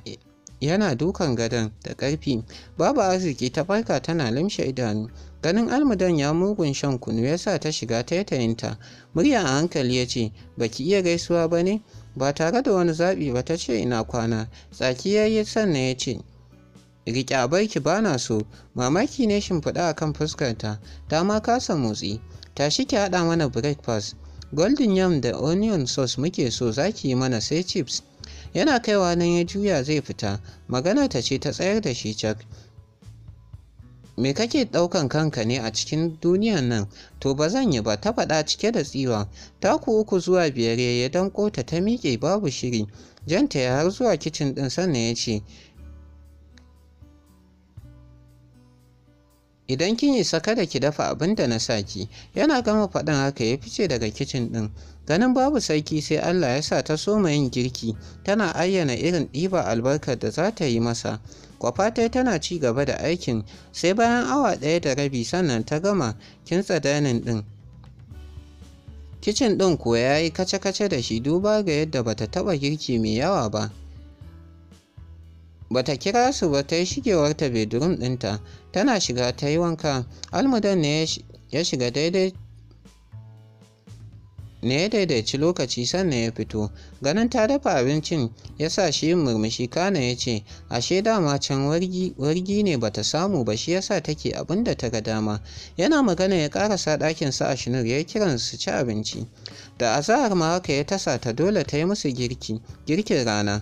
yana dukan gadon da ƙarfi babu arziki ta farka tana limshe idanu ganin almudan ya mugun shan kunu yasa ta shiga taitayinta murya a hankali ya ce baki iya gaisuwa ba ne ba tare da wani zaɓi ba ta ce ina kwana tsaki ya yi sannan ya ce riƙe barki ba na so mamaki ne shimfiɗa a kan fuskar ta ma kasa motsi tashi ki haɗa mana breakfast golden yam da onion sauce muke so za ki yi mana sai chips yana kaiwa nan ya juya zai fita magana ta ce ta tsayar da shi cak me kake ɗaukan kanka ne a cikin duniyan nan to ba zan yi ba ta faɗa cike da tsiwa taku uku zuwa biyar ya danko ta ta miƙe babu shiri janta ya har zuwa kicin ɗin sannan ya ce idan kin yi saka da ki dafa abin da na saki yana gama faɗin haka ya fice daga kicin ɗin ganin babu sarki sai allah ya sa ta soma yin girki tana ayyana irin ɗiba albarkar da za ta yi masa Kwafatai tana ci gaba da aikin sai bayan awa ɗaya da rabi sannan ta gama kintsa danin ɗin. Kicin ɗin kuwa ya yi kace-kace da shi duba ga yadda bata taɓa girki mai yawa ba. Bata kira su ba ta yi shigewarta bedroom ɗinta tana shiga ta yi wanka almudan ne ya shiga daidai ne ya daidaici lokaci sannan ya fito ganin ta dafa abincin ya sa shi murmushi kana ya ce ashe dama can wargi ne ba ta samu ba shi ya yasa take abin da ta ga dama yana magana ya karasa ɗakin sa a shinur ya kiran su ci abinci da azahar ma haka ya tasa ta dole ta yi musu girki girkin rana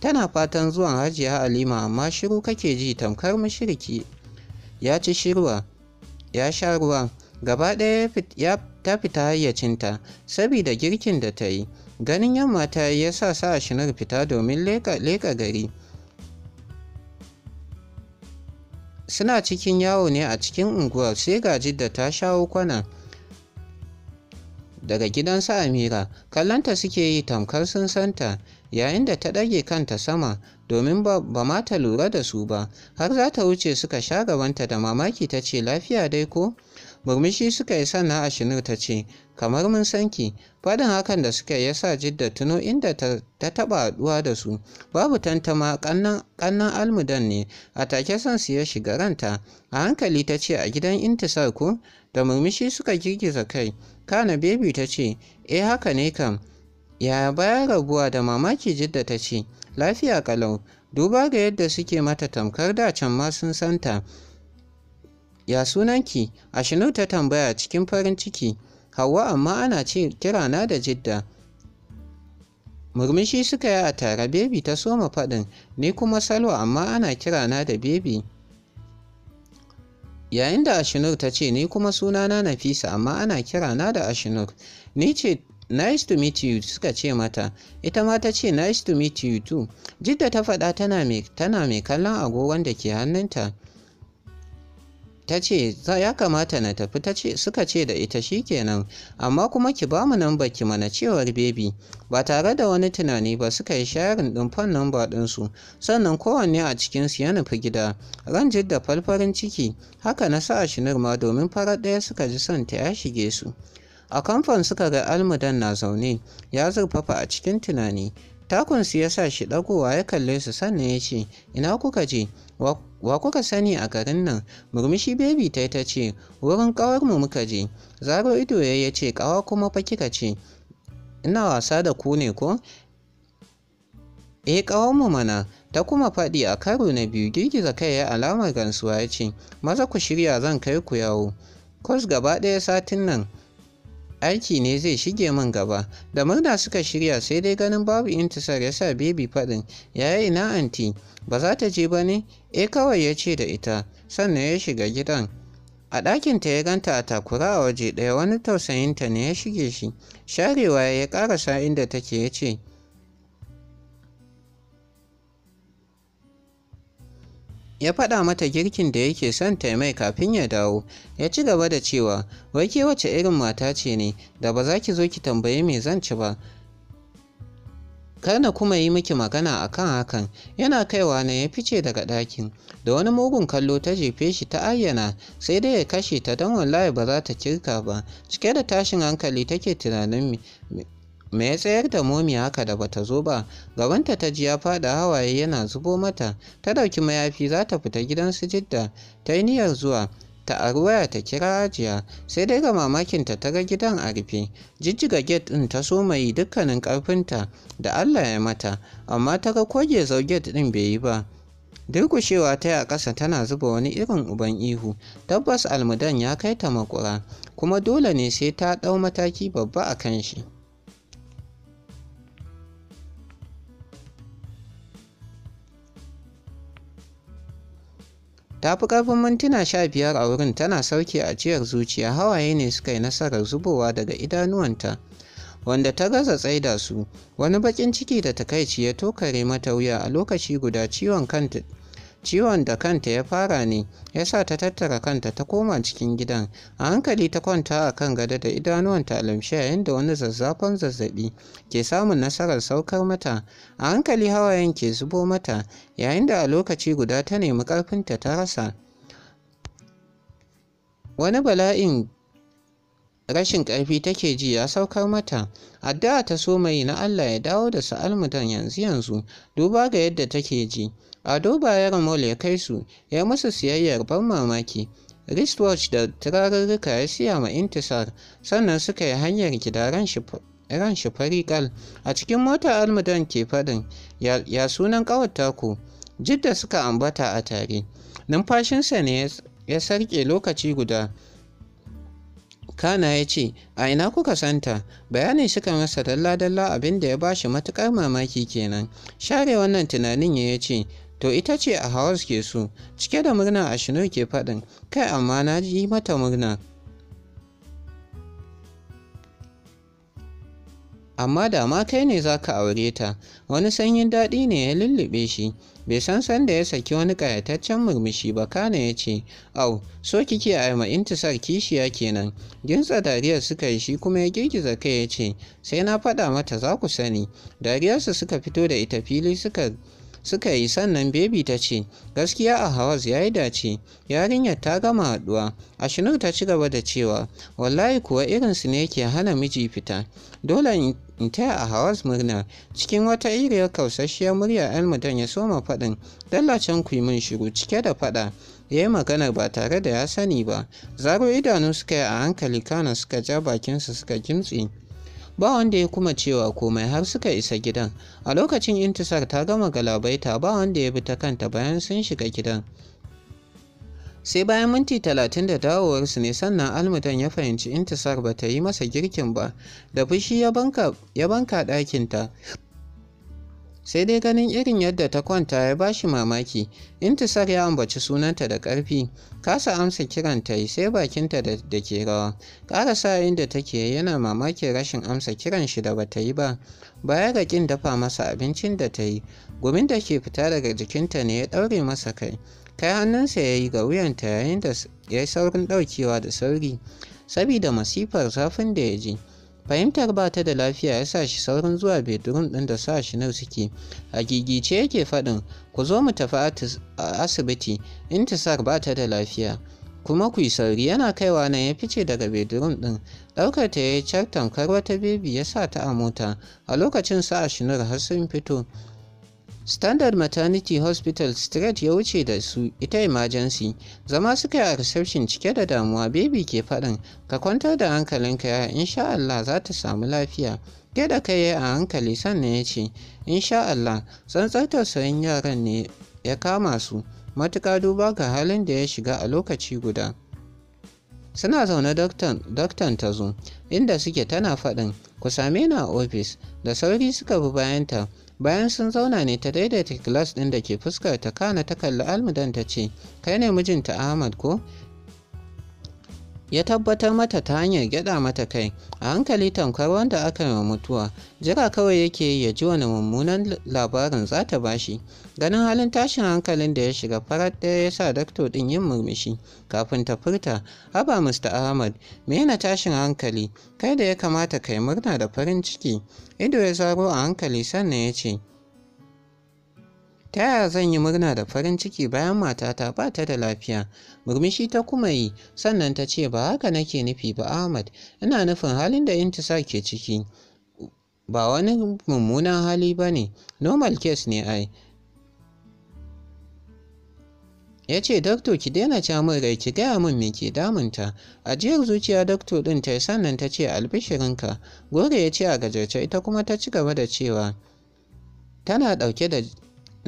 tana fatan zuwan hajiya alima, amma shiru kake ji tamkar mashirki ya ci shirwa ya sha ruwa gaba ɗaya ta fita hayyacinta sabida girkin da ta yi ganin yamma ta yi ya sa sa shinar fita domin leƙa gari suna cikin yawo ne a cikin unguwar sai ga da ta shawo kwana daga gidansa amira kallonta suke yi tamkar sun santa yayin da ta ɗage kanta sama domin ba ma ta lura da su ba har za ta wuce suka sha gabanta da mamaki ta ce lafiya dai ko murmushi suka yi sannan shi ta ce kamar mun sanki. ki fadin hakan da suka ya sa jidda tuno inda ta taɓa haɗuwa da su babu tantama ƙannan almudan ne a take son su ya shiga ranta a hankali ta ce a gidan intisar ko da murmushi suka girgiza kai kana bebi ta ce eh haka ne kam yaya bayan rabuwa da mamaki jidda ta ce lafiya kalau duba ga yadda suke mata tamkar da can ma sun santa Ya sunanki? Ashinu ta tambaya cikin farin ciki. Hauwa amma ana ce kirana da Jidda. Murmushi suka yi a tare bebi ta soma faɗin, ni kuma Salwa amma ana kirana da bebi. Yayin da Ashinur ta ce ni kuma sunana Nafisa amma ana kirana da Ashinur. Ni ce nice to meet you suka ce mata ita ma ta ce nice to meet you too jidda ta faɗa tana mai tana mai kallon agogon da ke hannunta ta ce ya kamata na tafi ta ce suka ce da ita shi kenan, amma kuma ki bamu namba ki mana cewar bebi ba tare da wani tunani ba suka yi sharing ɗin fan namba su. sannan kowanne a cikin su ya nufi gida ranjit da falfarin ciki haka na sa shinir ma domin farar ɗaya suka ji son ta ya shige su a kamfan suka ga almudan na zaune ya zurfafa a cikin tunani takunsu ya sa shi dagowa ya kalle su sannan ya ce ina kuka je wa kuka sani a garin nan murmushi baby ta ta ce wurin ƙawarmu muka je zaro ido ya ce ƙawa kuma fa kika ce ina wasa da ku ne ko e eh, mu mana ta kuma faɗi a karo na biyu girgiza kai ya alamar gansuwa ya ce maza ku shirya zan kai ku yawo kos gaba ɗaya satin nan aiki ne zai shige min gaba da murna suka shirya sai dai ganin babu intisar ya sa baby faɗin yaya ina anti ba za ta ji ba ne Eh kawai ya ce da ita sannan ya shiga gidan a ɗakinta ya ganta a takura a waje ɗaya wani tausayinta ne ya shige shi sharewa ya ƙarasa inda take ya ce ya faɗa mata girkin da yake son ta mai kafin ya dawo ya ci gaba da cewa wai ke wace irin mata ce ne da ba za ki zo ki tambayi me zan ci ba kar na kuma yi miki magana a kan hakan yana kaiwa na ya fice daga ɗakin da wani mugun kallo ta jefe shi ta ayyana sai dai ya kashe ta don wallahi ba za ta kirka ba cike da tashin hankali take tunanin me ya tsayar da momi haka da bata zo ba gabanta ta ji ya faɗa hawaye yana zubo mata ta ɗauki mayafi za ta fita gidan su jidda ta yi niyyar zuwa ta ari waya ta kira ajiya, sai dai ga mamakinta ta ga gidan a rufe. Jijjiga gate ɗin ta so mai dukkanin ƙarfinta da Allah ya mata amma ta ga koge zau gate ɗin bai yi ba. Durkushewa ta a ƙasa tana zuba wani irin uban ihu, tabbas almudan ya kai ta makura, kuma dole ne sai ta ɗau mataki babba a kan shi. Ta fi ƙarfin mintuna sha biyar a wurin tana sauke ciyar zuciya hawaye ne suka yi nasarar zubowa daga idanuwanta. wanda ta gaza tsaida su wani baƙin ciki da takaici ya tokare mata wuya a lokaci guda ciwon kanta ciwon da kanta ya fara ne ya sa ta tattara kanta ta koma cikin gidan a hankali ta kwanta a kan gado da idanuwanta ta lamshe yayin da wani zazzafan zazzaɓi ke samun nasarar saukar mata a hankali hawayen ke zubo mata yayin da a lokaci guda ta nemi ƙarfinta ta rasa wani bala'in rashin ƙarfi take ji ya saukar mata addu'a ta so mai na Allah ya dawo da almudan yanzu yanzu duba ga yadda take ji A Ado Bayero Mall ya kai su, ya musu siyayyar ban mamaki. Wristwatch da turarurruka ya siya ma Intisar, sannan suka yi hanyar gida ran shi fariƙal. A cikin mota Almudan ke faɗin, ya sunan kawar taku, jidda suka ambata a tare. Numfashinsa ne ya sarke lokaci guda. Kana ya ce, A ina kuka santa, bayani suka masa dalla-dalla abin da ya ba shi matuƙar mamaki kenan. Share wannan tunanin ya ce, to ita ce a hawa suke so cike da murna a shino ke faɗin kai amma na ji mata murna amma da ma kai ne za ka aure ta wani sanyin daɗi ne ya lullube shi bai san san da ya saki wani ƙayataccen murmushi ba kana ya ce au so kike a ma intisar kishiya kenan gintsa dariyar suka yi shi kuma ya girgiza kai ya ce sai na faɗa mata za ku sani dariyarsa suka fito da ita fili suka suka yi sannan bebi ta ce gaskiya a hawas ya yi dace yarinyar ta gama haɗuwa shinu ta ci gaba da cewa wallahi kuwa irinsu ne ke hana miji fita dole in taya a hawas murna cikin wata iriyar kausasshiyar murya 'yan mutum ya soma faɗin dallacen ku yi min shiru cike da faɗa ya yi magana ba tare da ya sani ba zaro idanu suka yi a hankali kana suka ja bakinsu suka kimtsi ba wanda ya kuma cewa komai har suka isa gidan a lokacin intisar ta gama galabaita ba wanda ya bi ta kanta bayan sun shiga gidan sai bayan minti talatin da dawowarsu ne sannan almudan ya fahimci intisar ba ta yi masa girkin ba da fushi ya banka ɗakinta sai dai ganin irin yadda ta kwanta ya bashi mamaki intisar ya ambaci sunanta da ƙarfi kasa amsa kiran ta yi sai bakinta da ke rawa sa inda take yana mamaki rashin amsa kiran shi da bata yi ba baya ga ƙin dafa masa abincin da ta yi gumin da ke fita daga jikinta ne ya ɗaure masa kai kai hannunsa ya yi ga wuyanta yayin da ya yi saurin ɗaukewa da sauri sabida masifar zafin da ya ji fahimtar ba ta da lafiya ya sa shi saurin zuwa bedroom ɗin da sa shi nau suke a gigice yake faɗin ku zo mu tafi asibiti in intisar ba ta da lafiya kuma ku yi sauri yana kaiwa nan ya fice daga bedroom ɗin ɗaukar ta ya yi tamkar wata bebi ya sa ta a mota a lokacin sa a nur har sun fito standard maternity hospital straight ya wuce da su ita emergency zama suka yi a reception cike da damuwa baby ke faɗin ka kwantar da hankalinka ya insha Allah za ta samu lafiya ke da kai ya a hankali sannan ya ce insha Allah tsantsantar yaran ne ya kama su Matuka duba ga halin da ya shiga a lokaci guda suna zaune doktan ta zo inda suke tana faɗin ku same ni a ofis da sauri suka bi bayanta bayan sun zauna ne ta daidaita glass ɗin da ke fuskar ta kana ta kalli almudan ta ce kai ne mijinta ahmad ko ya tabbatar mata ta hanyar gyada mata kai a hankali tamkar wanda aka yi mutuwa jira kawai yake yi ya ji wani mummunan labarin za ta bashi ganin halin tashin hankalin da ya shiga farat ɗaya ya sa dakto ɗin yin murmushi kafin ta furta haba mr ahmad mena tashin hankali kai da ya kamata kai murna da farin ciki ido ya zaro a hankali sannan ya ce ta yaya zan yi murna da farin ciki bayan matata ba ta da lafiya murmushi ta kuma yi sannan ta ce ba haka nake nufi ba ahmad ina nufin halin da intisa ke ciki ba wani mummunan hali ba ne normal case ne ai ya ce dakto ki daina camin rai ki gaya min me ke damunta ajiyar zuciya dokto ɗin ta sannan ta ce albishirinka gore ya ce a gajarce ita kuma ta ci gaba da cewa tana ɗauke da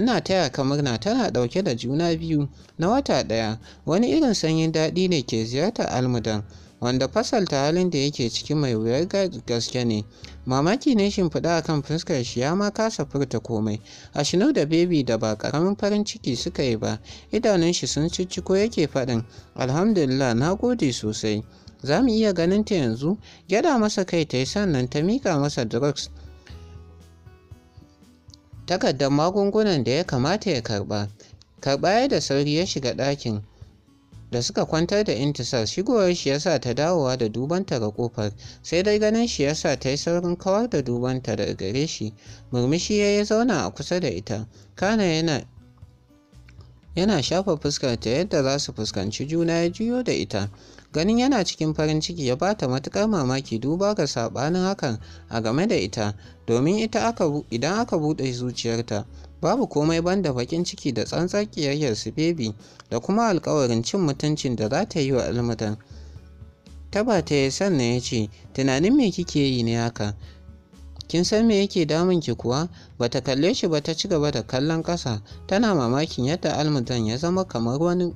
ina taya ka murna tana ɗauke da juna biyu na wata ɗaya wani irin sanyin daɗi ne ke ziyartar almudan wanda fasalta halin da yake ciki mai wuyar gaske ne mamaki ne shimfiɗa a kan fuskar shi ya ma kasa furta komai a da bebi da ba ƙaramin farin ciki suka yi ba idanun shi sun cicciko yake faɗin alhamdulillah na gode sosai za mu iya ganin ta yanzu gyada masa kai ta yi sannan ta miƙa masa drugs takardar magungunan da ya kamata ya karɓa. Karɓa ya da sauri ya shiga ɗakin da suka kwantar da intisar shigowar shi yasa ta dawowa da dubanta ga kofar sai dai ganin shi yasa ta yi saurin kawar da dubanta daga gare shi murmushi ya yi zauna a kusa da ita kana yana yana shafa fuskarta yadda za su fuskanci juna ya juyo da ita ganin yana cikin farin ciki ya bata matuƙar mamaki duba ga saɓanin hakan a game da ita domin ita idan aka buɗe zuciyarta babu komai banda bakin ciki da tsantsar ƙiyayyar su bebi da kuma alkawarin cin mutuncin da za ta yi wa almudan ba ta ya na ya ce tunanin me kike yi ne haka kin san me yake damun ki kuwa bata kalle shi ba ta ci gaba da kallon ƙasa tana mamakin yadda almudan ya zama kamar wani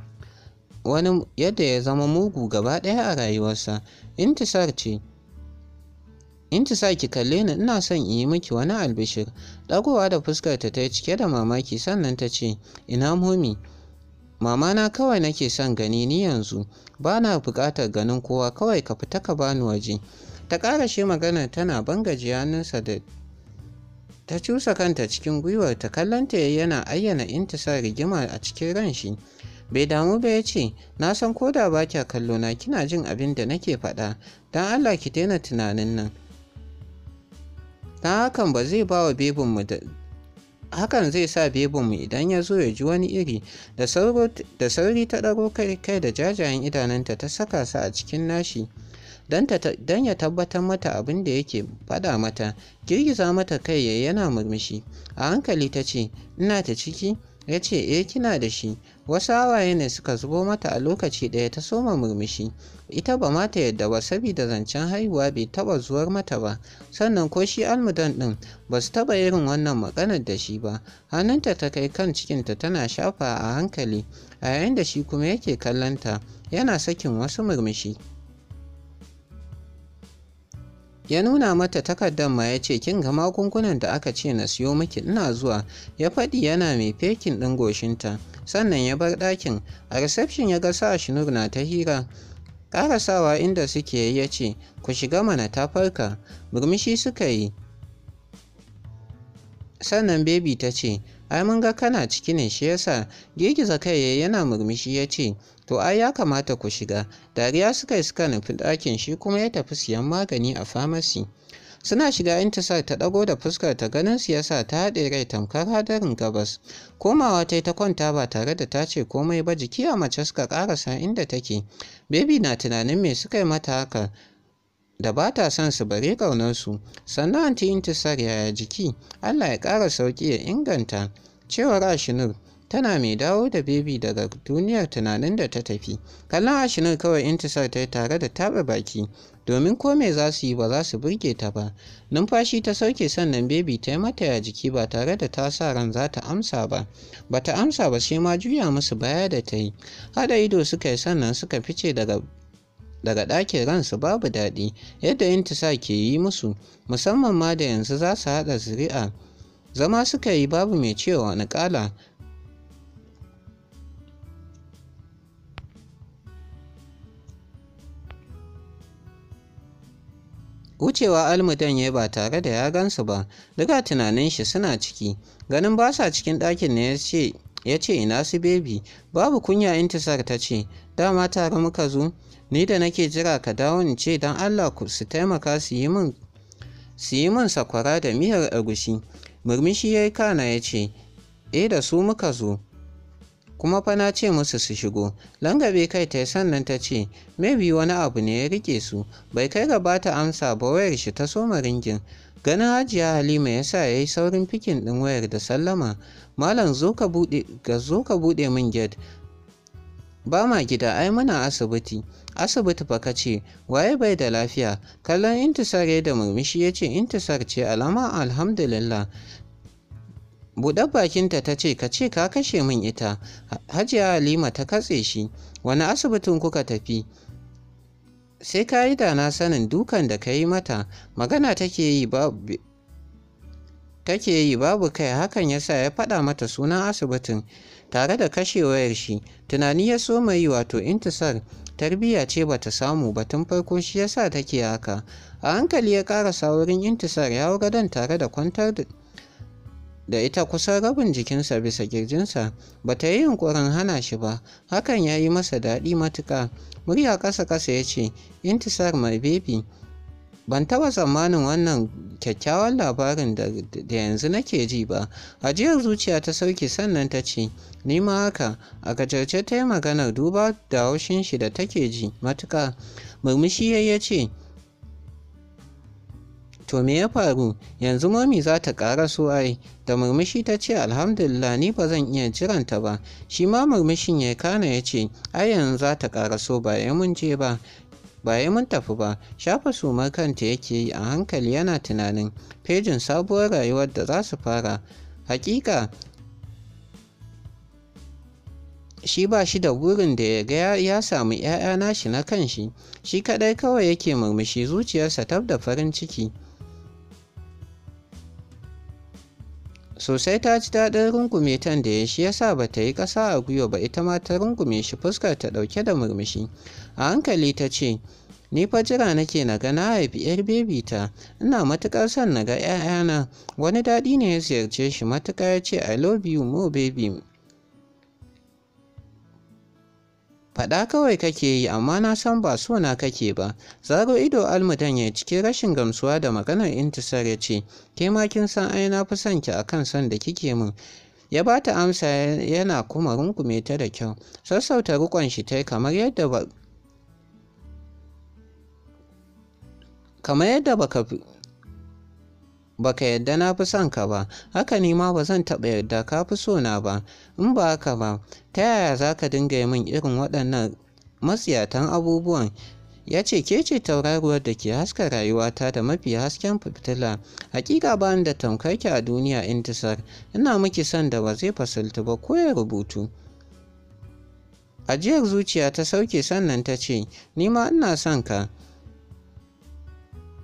wani yadda ya zama mugu gaba ɗaya a rayuwarsa intisar ce intisar ki kalle ni ina son in yi miki wani albishir ɗagowa da fuskarta ta yi cike da mamaki sannan ta ce ina Mumi? mama na kawai nake son gani ni yanzu ba na buƙatar ganin kowa kawai ka fita ka bani waje ta ƙara shi magana tana bangaji hannunsa da ta cusa kanta cikin gwiwar ta kallon ta yana ayyana intisar rigima a cikin ran shi bai damu ba ya ce na san ko da ba kya kallo na kina jin abin da nake faɗa don allah ki daina tunanin nan don hakan ba zai ba wa bebinmu da hakan zai sa bebinmu idan ya zo ya ji wani iri da sauri ta ɗago kai da jajayen idanunta ta saka sa a cikin nashi don ya tabbatar mata abin da yake faɗa mata girgiza mata kai yana murmushi a hankali ta ce ina ta ciki ya ce eh kina da shi wasu hawaye ne suka zubo mata a lokaci ɗaya ta soma murmushi ita ba mata yadda ba saboda zancen haihuwa bai taba zuwar mata ba sannan ko shi almudan ɗin ba su taba irin wannan maganar da shi ba hannunta ta kai kan cikinta tana shafa a hankali a yayin da shi kuma yake kallonta yana sakin wasu murmushi ya nuna mata takardar ma ya ce kin ga magungunan da aka ce na siyo miki ina zuwa ya faɗi yana mai fekin ɗin goshinta sannan ya bar ɗakin a reception ya ga sa shinur na ta hira ƙarasawa inda suke ya ce ku shiga mana ta farka murmushi suka yi sannan bebi ta ce ai mun ga kana ciki ne shi yasa girgiza kai yana murmushi ya ce to ai ya kamata ku shiga dariya suka yi suka nufi ɗakin shi kuma ya tafi siyan magani a famasi suna shiga intisar ta ɗago da fuskar ta ganin siyasa ta haɗe rai tamkar hadarin gabas komawa ta yi ta kwanta ba tare da ta ce komai ba jiki a mace suka ƙarasa inda take bebi na tunanin me suka yi mata haka da ba ta son su bari ƙaunarsu sannan anti intisar yaya jiki allah ya ƙara sauƙi ya inganta cewar ashinur tana mai dawo da bebi daga duniyar tunanin da ta tafi kallon ashirin kawai intisar ta yi tare da taɓa baki domin ko me za su yi ba za su burge ta ba numfashi ta sauke sannan bebi ta yi mata ya jiki ba tare da ta sa ran za ta amsa ba ba ta amsa ba sai ma juya musu baya da ta yi haɗa ido suka yi sannan suka fice daga daga ɗakin ransu babu daɗi yadda intisa ke yi musu musamman ma da yanzu za su haɗa zuri'a zama suka yi babu mai cewa wani ƙala Wucewa almudan ya ba tare da ya gansu ba, Daga tunanin shi suna ciki, ganin ba sa cikin ɗakin ne ya ce ina su bebi babu kunya intisar ta ce dama tare muka zo ni da nake jira ka dawo in ce don allah su taimaka su yi min sakwara da miyar agushi murmushi ya yi kana ya ce e da su muka zo kuma fa na ce musu su shigo langabe kai ta sannan ta ce maybe wani abu ne ya rike su bai kai gaba ta amsa ba wayar shi ta soma ringin ganin hajiya halima ya sa ya yi saurin fikin ɗin wayar da sallama malam zo ka buɗe min get ba ma gida ai muna asibiti asibiti fa ce. waye bai da lafiya kallon intisar ya da murmushi ya ce intisar ce alama alhamdulillah buɗar bakinta ta ce ka ce ka kashe min ita hajiya halima ta katse shi wani asibitin kuka tafi sai ka yi da na sanin dukan da ka yi mata magana take yi yi babu kai hakan ya sa ya faɗa mata sunan asibitin tare da kashe wayar shi tunani ya so mai wato intisar tarbiyya ce bata samu ba tun farko shi ya sa take haka a hankali ya ƙarasa wurin intisar ya gadon tare da kwantar da da ita kusan rabin jikinsa bisa kirjinsa ba ta yi yunkurin hana shi ba hakan ya yi masa daɗi matuƙa murya ƙasa-ƙasa ya ce intisar mai bebi ban taɓa tsammanin wannan kyakkyawan labarin da yanzu nake ji ba ajiyar zuciya ta sauki sannan ta ce ni ma haka a gajarce ta yi maganar duba da haushin shi da take ji matuƙa murmushi ya ce To me ya faru? Yanzu mami za ta ƙara so ai. Da murmushi ta ce alhamdulillah ni ba zan iya jiranta ba. Shi ma murmushin ya kana ya ce ai yanzu za ta ƙara so ba ya mun je ba. Ba ya mun tafi ba, shafa sumar kanta yake yi a hankali yana tunanin fejin sabuwar rayuwar da za su fara. Hakika shi ba shi da burin da ya ga ya samu ‘ya'ya nashi na kanshi, shi kadai kawai yake murmushi zuciyarsa tab da farin ciki. sosai ta ji daɗin rungume tan da ya shi yasa ba ta yi ƙasa a gwiwa ba ita ma ta rungume shi fuskar ta ɗauke da murmushi a hankali ta ce ni fa jira nake na ga na haifi yar bebi ta ina matuƙar son na ga 'ya'yana wani daɗi ne ya ziyarce shi matuƙa ya ce i love you mo baby Faɗa kawai kake yi amma na san ba so na kake ba. Zaro ido almutan ya cike rashin gamsuwa da maganar intisar ya ce, ke ma kin san ai na fi son ki akan son da kike min. Ya ba ta amsa yana kuma rungume ta da kyau, sassauta rikon shi ta kamar yadda ba kamar yadda baka ba ka yadda na fi son ka ba haka ni ma ba zan taɓa yadda ka fi so na ba in ba haka ba ta yaya za ka dinga yi min irin waɗannan matsiyatan abubuwan ya ce ke ce tauraruwar da ke haska rayuwata da mafi hasken fitila hakika ba da tamkar ki a duniya intisar ina miki son da ba zai fasalta ba ko ya rubutu ajiyar zuciya ta sauke sannan ta ce ni ma ina son ka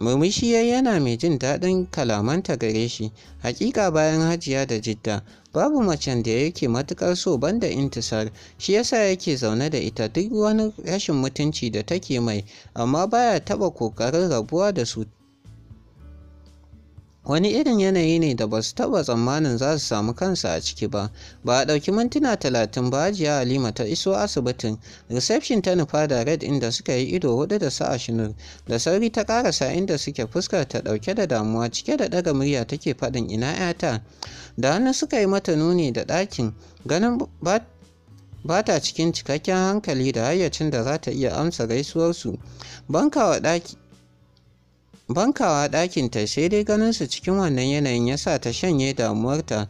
murmushi ya yana mai jin daɗin kalamanta gare shi hakika bayan hajiya da jidda babu macen da yake matukar so banda intisar shi yasa yake zaune da ita duk wani rashin mutunci da take mai amma baya taɓa kokarin rabuwa da su wani irin yanayi ne da ba su taɓa tsammanin za su samu kansu a ciki ba ba a ɗauki mintuna talatin ba hajiya halima ta iso asibitin reception ta nufa da red inda suka yi ido hudu da sa'a shinur da sauri ta karasa inda suke fuskar ta ɗauke da damuwa cike da ɗaga murya take faɗin ina 'yata da hannu suka yi mata nuni da ɗakin ganin ba ba ta cikin cikakken hankali da hayyacin da za ta iya amsa gaisuwarsu bankawa ɗaki bankawa ɗakinta sai dai ganinsu cikin wannan yanayin ya sa ta shanye damuwarta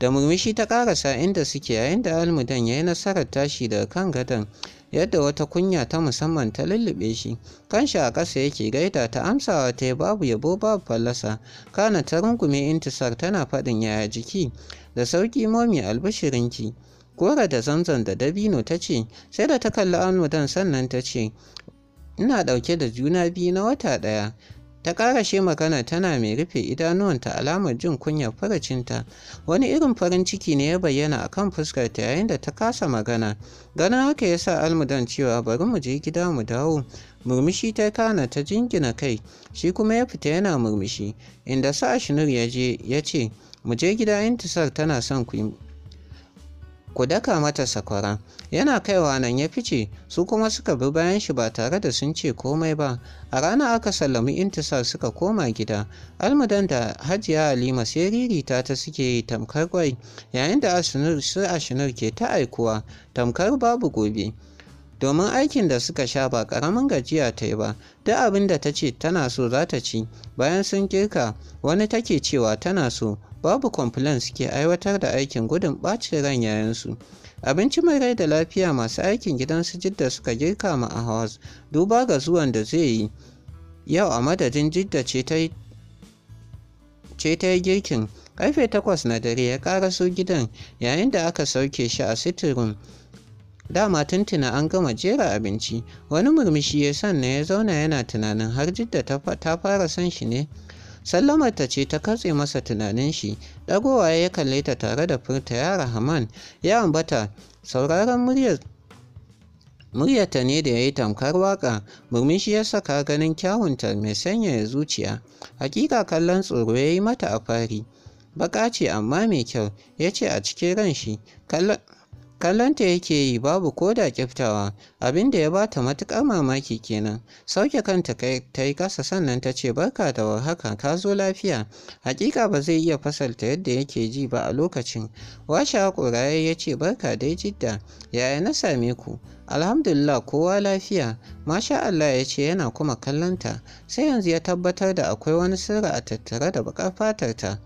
da murmushi ta ƙarasa inda suke yayin da almudan ya yi nasarar tashi daga kan gadon yadda wata kunya ta musamman ta lullube shi kanshi a ƙasa yake gaida ta amsawa ta babu yabo babu fallasa kana ta rungume intisar tana faɗin yaya jiki da sauƙi momi albishirinki gora da zanzan da dabino ta ce sai da ta kalli almudan sannan ta ce ina ɗauke da juna biyu na wata ɗaya ta ƙarashe magana tana mai rufe idanuwanta alamar jin kunyar faracinta wani irin farin ciki ne ya bayyana a kan fuskarta yayin da ta kasa magana ganin haka ya sa almudan cewa bari mu je gida mu dawo murmushi ta kana ta jingina kai shi kuma ya fita yana murmushi inda sa shinur ya je ya ce mu je gida intisar tana son ku ku daka mata sakwara yana kaiwa nan ya fice su kuma suka bi bayan shi ba tare da sun ce komai ba a rana aka sallami intisa suka koma gida almudan da hajiya halima sai ririta ta suke yi tamkar kwai yayin da su ashinur ke ta aikuwa tamkar babu gobe domin aikin da suka sha ba karamin gajiya ta yi ba duk abin da ta ce tana so za ta ci bayan sun girka wani take cewa tana so babu complaints suke aiwatar da aikin gudun ɓacin ran yayansu abinci mai rai da lafiya masu aikin gidan su jidda suka girka ma a hawas duba ga zuwan da zai yi yau a madadin jidda ce ta yi girkin karfe takwas na dare ya su gidan yayin da aka sauke shi a sitirin dama tuntuna an gama jera abinci wani murmushi ya sanna ya zauna yana tunanin har jidda ta fara son shi ne sallamar ta ce ta katse masa tunanin shi ɗagowa ya kalle ta tare da furta ya rahaman ya ambata sauraron muryar muryarta ne da ya yi tamkar waƙa murmushi ya saka ganin kyawunta mai sanyaya zuciya hakika kallon tsoro ya yi mata a fari baƙa ce amma mai kyau ya ce a cikin ran shi Kallonta yake yi babu ko da kyaftawa, abin da ya ba ta matuƙar mamaki kenan. Sauke kanta ta yi kasa sannan ta ce barka da warhaka ka zo lafiya. Hakika ba zai iya fasalta yadda yake ji ba a lokacin. Washe haƙoraye ya ce barka dai jidda, yaya na same ku? Alhamdulillah kowa lafiya, masha Allah ya ce yana kuma kallonta, sai yanzu ya tabbatar da akwai wani sirri a tattare da baƙar fatarta.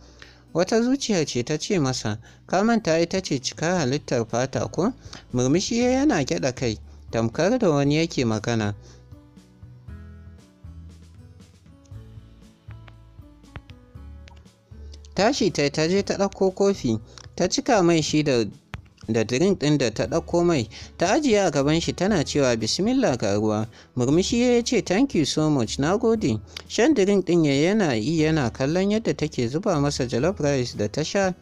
wata zuciya ce ta ce masa ka manta ita ce cikar halittar fata ko murmushi ya yana kyaɗa kai tamkar da wani yake magana tashi ta ta je ta ɗauko kofi ta cika mai shi da da drink ɗin da ta ɗauko mai ta ajiye a gaban shi tana cewa bismillah ga ruwa murmushi ya ce thank you so much na gode shan drink ɗin ya yana yi yana kallon yadda take zuba masa jollof rice da ta sha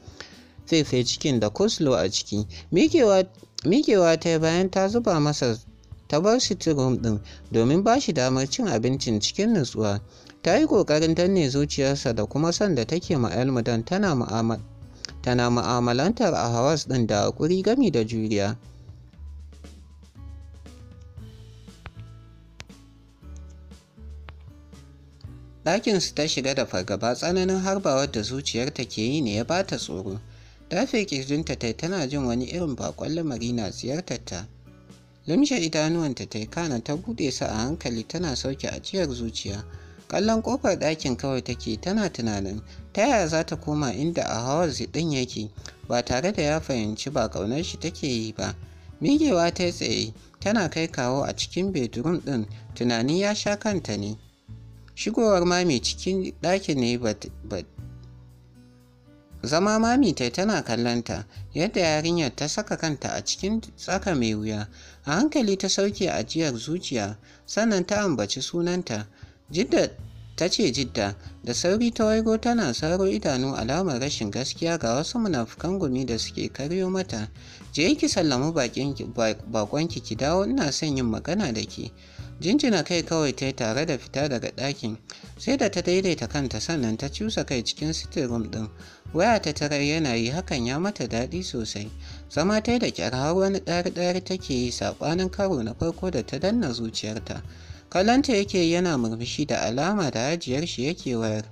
fefe cikin da coleslaw a ciki mikewa ta bayan ta zuba masa ta bar sitting room ɗin domin ba shi damar cin abincin cikin nutsuwa ta yi ƙoƙarin danne zuciyarsa da kuma son da take ma tana mu'amala tana ma'amalantar a hawas ɗin da hakuri gami da juriya ɗakinsu ta shiga da fargaba tsananin harbawar da zuciyarta ke yi ne ya ba ta tsoro dafe kirjinta ta tana jin wani irin bakon lamari na ziyartar ta limshe idanuwanta ta kana ta buɗe su a hankali tana sauke ajiyar zuciya kallon ƙofar ɗakin kawai take tana tunanin ta yaya za ta koma inda a hawazi ɗin yake ba tare da ya fahimci ba ƙaunar shi take yi ba migewa ta tsaye tana kai kawo a cikin bedroom ɗin tunani ya sha kanta ne shigowar mami cikin ɗakin ne ba zama mami ta tana kallonta yadda yarinyar ta saka kanta a cikin tsaka mai wuya a hankali ta sauke ajiyar zuciya sannan ta ambaci sunanta jidda ta ce jidda da sauri ta waigo tana saro idanu alamar rashin gaskiya ga wasu munafukan gumi da suke karyo mata je ki sallamu bakonki ki dawo ina son yin magana da ke jinjina kai kawai ta tare da fita daga ɗakin sai da ta daidaita kanta sannan ta cusa kai cikin sitirum ɗin waya ta tarar yana yi hakan ya mata daɗi sosai zama ta da kyar har wani ɗari-ɗari take yi saɓanin karo na farko da ta danna zuciyarta Kallonta yake yana murmushi da alama da hajiyar shi yake wayar.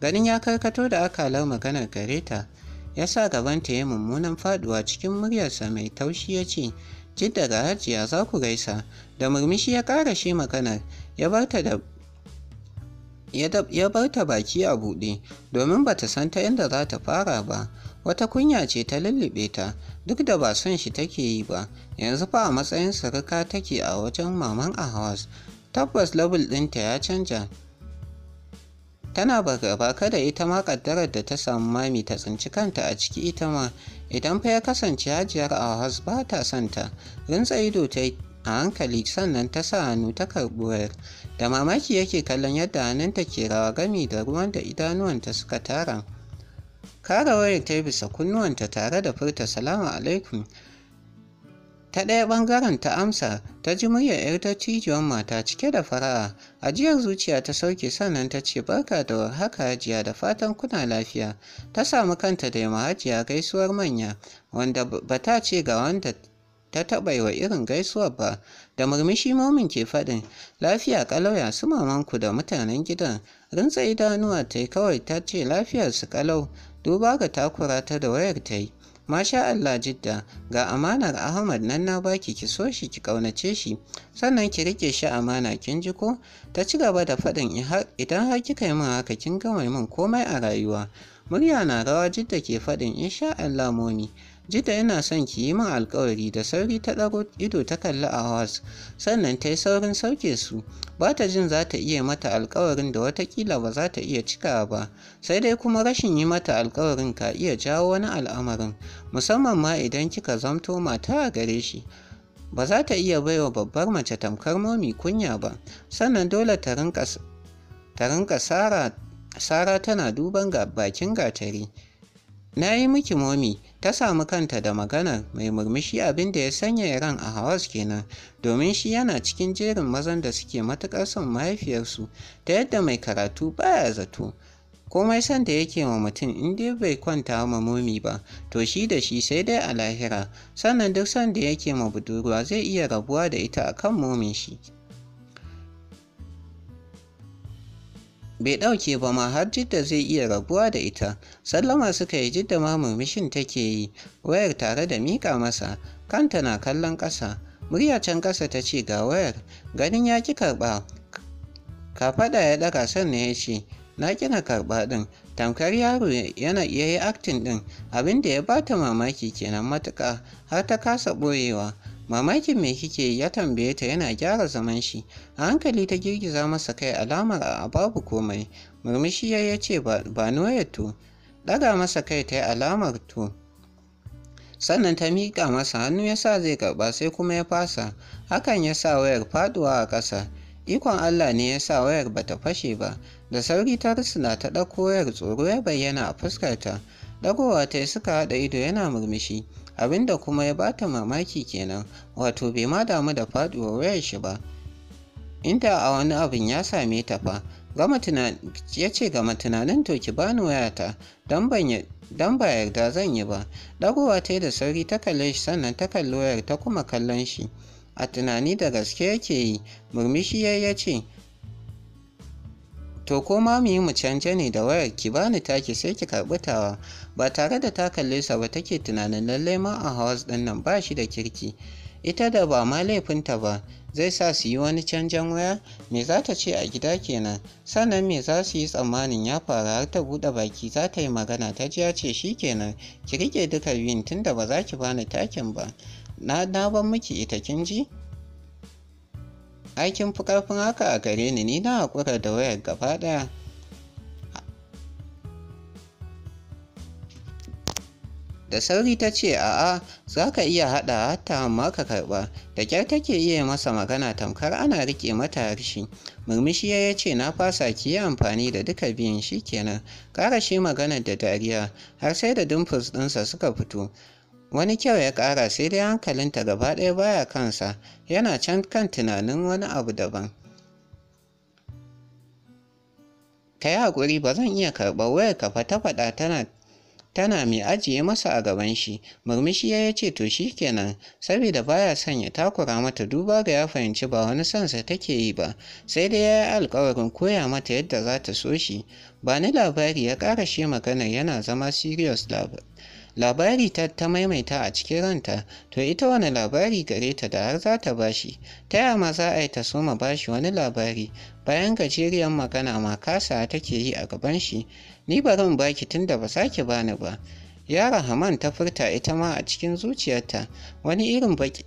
Ganin ya karkato da akalar maganar gare ta, ya sa gabanta ya mummunan faduwa cikin muryarsa mai taushi ya ce, Jid daga hajiya za ku gaisa, da murmushi ya ƙara shi maganar, ya barta da ya bar ta baki a buɗe domin ba ta san ta inda za ta fara ba wata kunya ce ta lullube ta duk da ba son shi take yi ba yanzu fa a matsayin suruka take a wajen maman a house tabbas level ɗinta ya canja tana gaba kada ita ma ƙaddarar da ta samu mami ta tsinci kanta a ciki ita ma idan fa ya kasance hajiyar a ba ta son ta rintsa ido ta a hankali sannan ta sa hannu ta karɓi wayar da mamaki yake kallon yadda hannunta ke rawa gami da ruwan da idanuwanta suka tara kara wayar ta bisa kunnuwanta tare da furta salamu alaikum ta ɗaya ɓangaren ta amsa ta ji muryar 'yar cijiyar mata cike da fara'a ajiyar zuciya ta sauke sannan ta ce barka da haka hajiya da fatan kuna lafiya ta samu kanta da yamma hajiya gaisuwar manya wanda ba ta ce ga wanda ta taɓa wa irin gaisuwa ba da murmushi momin ke faɗin lafiya ƙalauya su mamanku da mutanen gidan rintsa idanuwa ta yi kawai ta ce lafiyar su kalau, duba ga takura ta da wayar ta yi Masha Allah jidda ga amanar Ahmad nan na baki ki so shi ki ƙaunace shi sannan ki rike shi amana kin ji ko ta ci gaba da faɗin idan har kika yi min haka kin gama min komai a rayuwa murya na rawa jidda ke faɗin insha Allah Jidda yana son ki yi min alkawari da sauri ta ɗago ido ta kalli a Hawas, sannan ta yi saurin sauke su, ba ta jin za ta iya mata alkawarin da watakila ba za ta iya cikawa ba, sai dai kuma rashin yi mata alkawarin ka iya jawo wani al'amarin, musamman ma idan kika zamto mata a gare shi. Ba za ta iya baiwa babbar mace tamkar momi kunya ba, sannan dole ta rinka sara, sara tana duban bakin gatari. Na yi miki momi, ta samu kanta da magana mai murmushi abin da ya sanya ran a Hawas kenan domin shi yana cikin jerin mazan da suke matuƙar son mahaifiyarsu ta yadda mai karatu baya zato komai san da yake wa mutum in dai bai kwanta ma momi ba to shi da shi sai dai a lahira sannan duk san da yake ma budurwa zai iya rabuwa da ita akan momin shi bai ɗauke ba ma har jidda zai iya rabuwa da ita sallama suka yi jidda ma murmushin take yi wayar tare da miƙa masa kanta na kallon ƙasa murya can ƙasa ta ce ga wayar ganin ya ki karɓa faɗa ya ɗaga sannan ya ce na kina karɓa ɗin tamkar yaro yana iya yi aktin ɗin abin da ya bata mamaki kenan matuka. har ta kasa ɓoyewa Mamakin me kike ya tambaye ta yana gyara zaman shi, a hankali ta girgiza masa kai alamar a babu komai, murmushi ya ce ba noya to, daga masa kai ta yi alamar to. sannan ta miƙa masa hannu ya sa zai karɓa sai kuma ya fasa hakan ya sa wayar faduwa a ƙasa ikon allah ne ya sa wayar ba ta fashe ba da sauri ta rusuna ta ɗauko wayar tsoro ya bayyana a fuskarta ɗagowa ta suka haɗa ido yana murmushi Abinda kuma ya bata mamaki kenan wato bai ma damu da faduwar wayar shi ba inda a wani abin ya same ta fa ya ce gama tunanin to ki bani wayata don ba yarda zan yi ba dagowa ta da sauri ta kalle shi sannan ta kalli wayar ta kuma kallon shi a tunani da gaske yake yi murmushi ya ce To ko ma mu yi mu canje ne da wayar ki bani taki sai ki karɓi tawa ba tare da ta kalle sa ba take tunanin lallai ma a hawas ɗin nan ba shi da kirki. Ita da ba ma laifinta ba zai sa su yi wani canjen waya me za ta ce a gida kenan sannan me za su yi tsammanin ya faru har ta buɗe baki za ta yi magana ta ji ya ce shi kenan ki rike duka biyun tunda ba za ki bani takin ba na ban miki ita kin ji? Aikin fukafin ƙarfin haka a gare ni ni na haƙura da wayar gaba ɗaya da sauri ta ce a'a za ka iya haɗa hatta amma ka karɓa da kyar take iya masa magana tamkar ana riƙe mata harshe murmushi ya ce na fasa ki yi amfani da duka biyun shi kenan ƙara shi maganar da dariya har sai da dimples ɗinsa suka fito wani kyau ya ƙara sai dai hankalinta gaba ɗaya baya kansa yana can kan tunanin wani abu daban ka yi haƙuri ba zan iya karɓar wayar ka ta faɗa tana mai ajiye masa a gaban shi murmushi ya ce to shi kenan saboda baya son ya takura mata duba ga ya fahimci ba wani sansa take yi ba sai dai ya yi alkawarin koya mata yadda za ta so shi ba ni labari ya ƙara shi maganar yana zama serious labari labari ta ta maimaita a cikin ranta to ita wani labari gare ta da har za ta bashi ta yaya ma za a yi ta so ma bashi wani labari bayan gajeriyar magana ma kasa take yi a gaban shi ni bari in baki da ba sake bani ba yara haman ta furta ita ma a cikin zuciyarta wani irin baki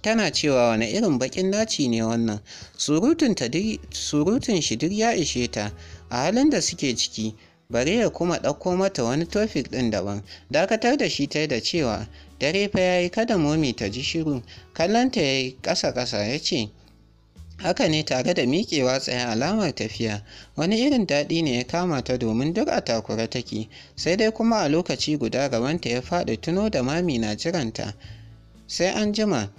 tana cewa wani irin bakin naci ne wannan surutun shi duk ya ishe ta a halin da suke ciki bari ya kuma ɗauko mata wani tofik ɗin daban dakatar da shi ta da cewa dare fa ya yi kada momi ta ji shiru kallonta ya yi ƙasa-ƙasa ya ce haka ne tare da miƙewa tsaye alamar tafiya wani irin daɗi ne ya kama ta domin duk a takura take sai dai kuma a lokaci guda gabanta ya faɗi tuno da mami na jiranta sai an jima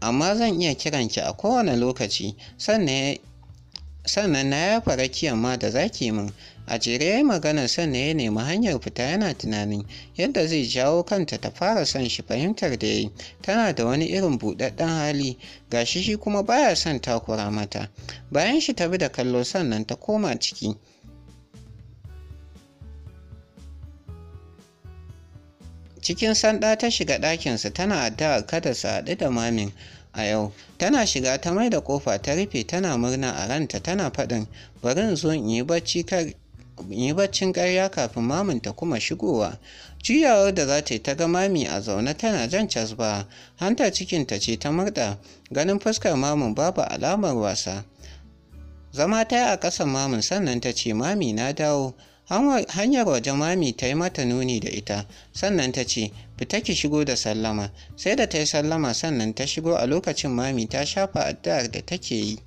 amma zan iya kiran ki a kowane lokaci sannan na yafa rakiyar ma da zaki min a jere ya yi maganar sannan ya nemi hanyar fita yana tunanin yadda zai jawo kanta ta fara son shi fahimtar da ya yi tana da wani irin buɗaɗɗen hali ga shi shi kuma baya son takura mata bayan shi ta bi da kallo sannan ta koma ciki cikin sanda ta shiga ɗakinsa tana addu'a kada su haɗu da mamin a yau tana shiga ta mai da ƙofa ta rufe tana murna a ranta tana faɗin bari in zo in yi bacci kar yi baccin karya kafin ta kuma shigowa juyawar da za ta yi ta ga mami a zaune tana jan casba hanta cikinta ce ta murɗa ganin fuskar mamin babu alamar wasa zama ta yi a ƙasan mamin sannan ta ce mami na dawo hanyar waje mami ta yi mata nuni da ita sannan ta ce fita ki shigo da sallama sai da ta yi sallama sannan ta shigo a lokacin mami ta shafa addu'ar da take yi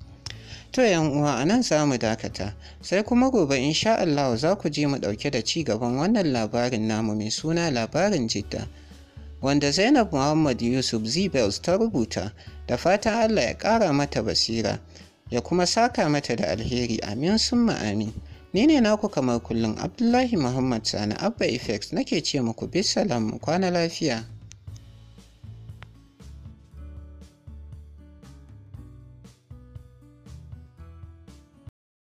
To yan uwa a nan za mu dakata, sai kuma gobe insha Allah za ku ji mu ɗauke da ci gaban wannan labarin namu mai suna labarin jidda. Wanda Zainab Muhammad Yusuf Zibels ta rubuta da fatan Allah ya ƙara mata basira, ya kuma saka mata da alheri amin sun amin. Ni ne naku kamar kullum Abdullahi Muhammad Sani Abba Effects nake ce muku bisalam kwana lafiya.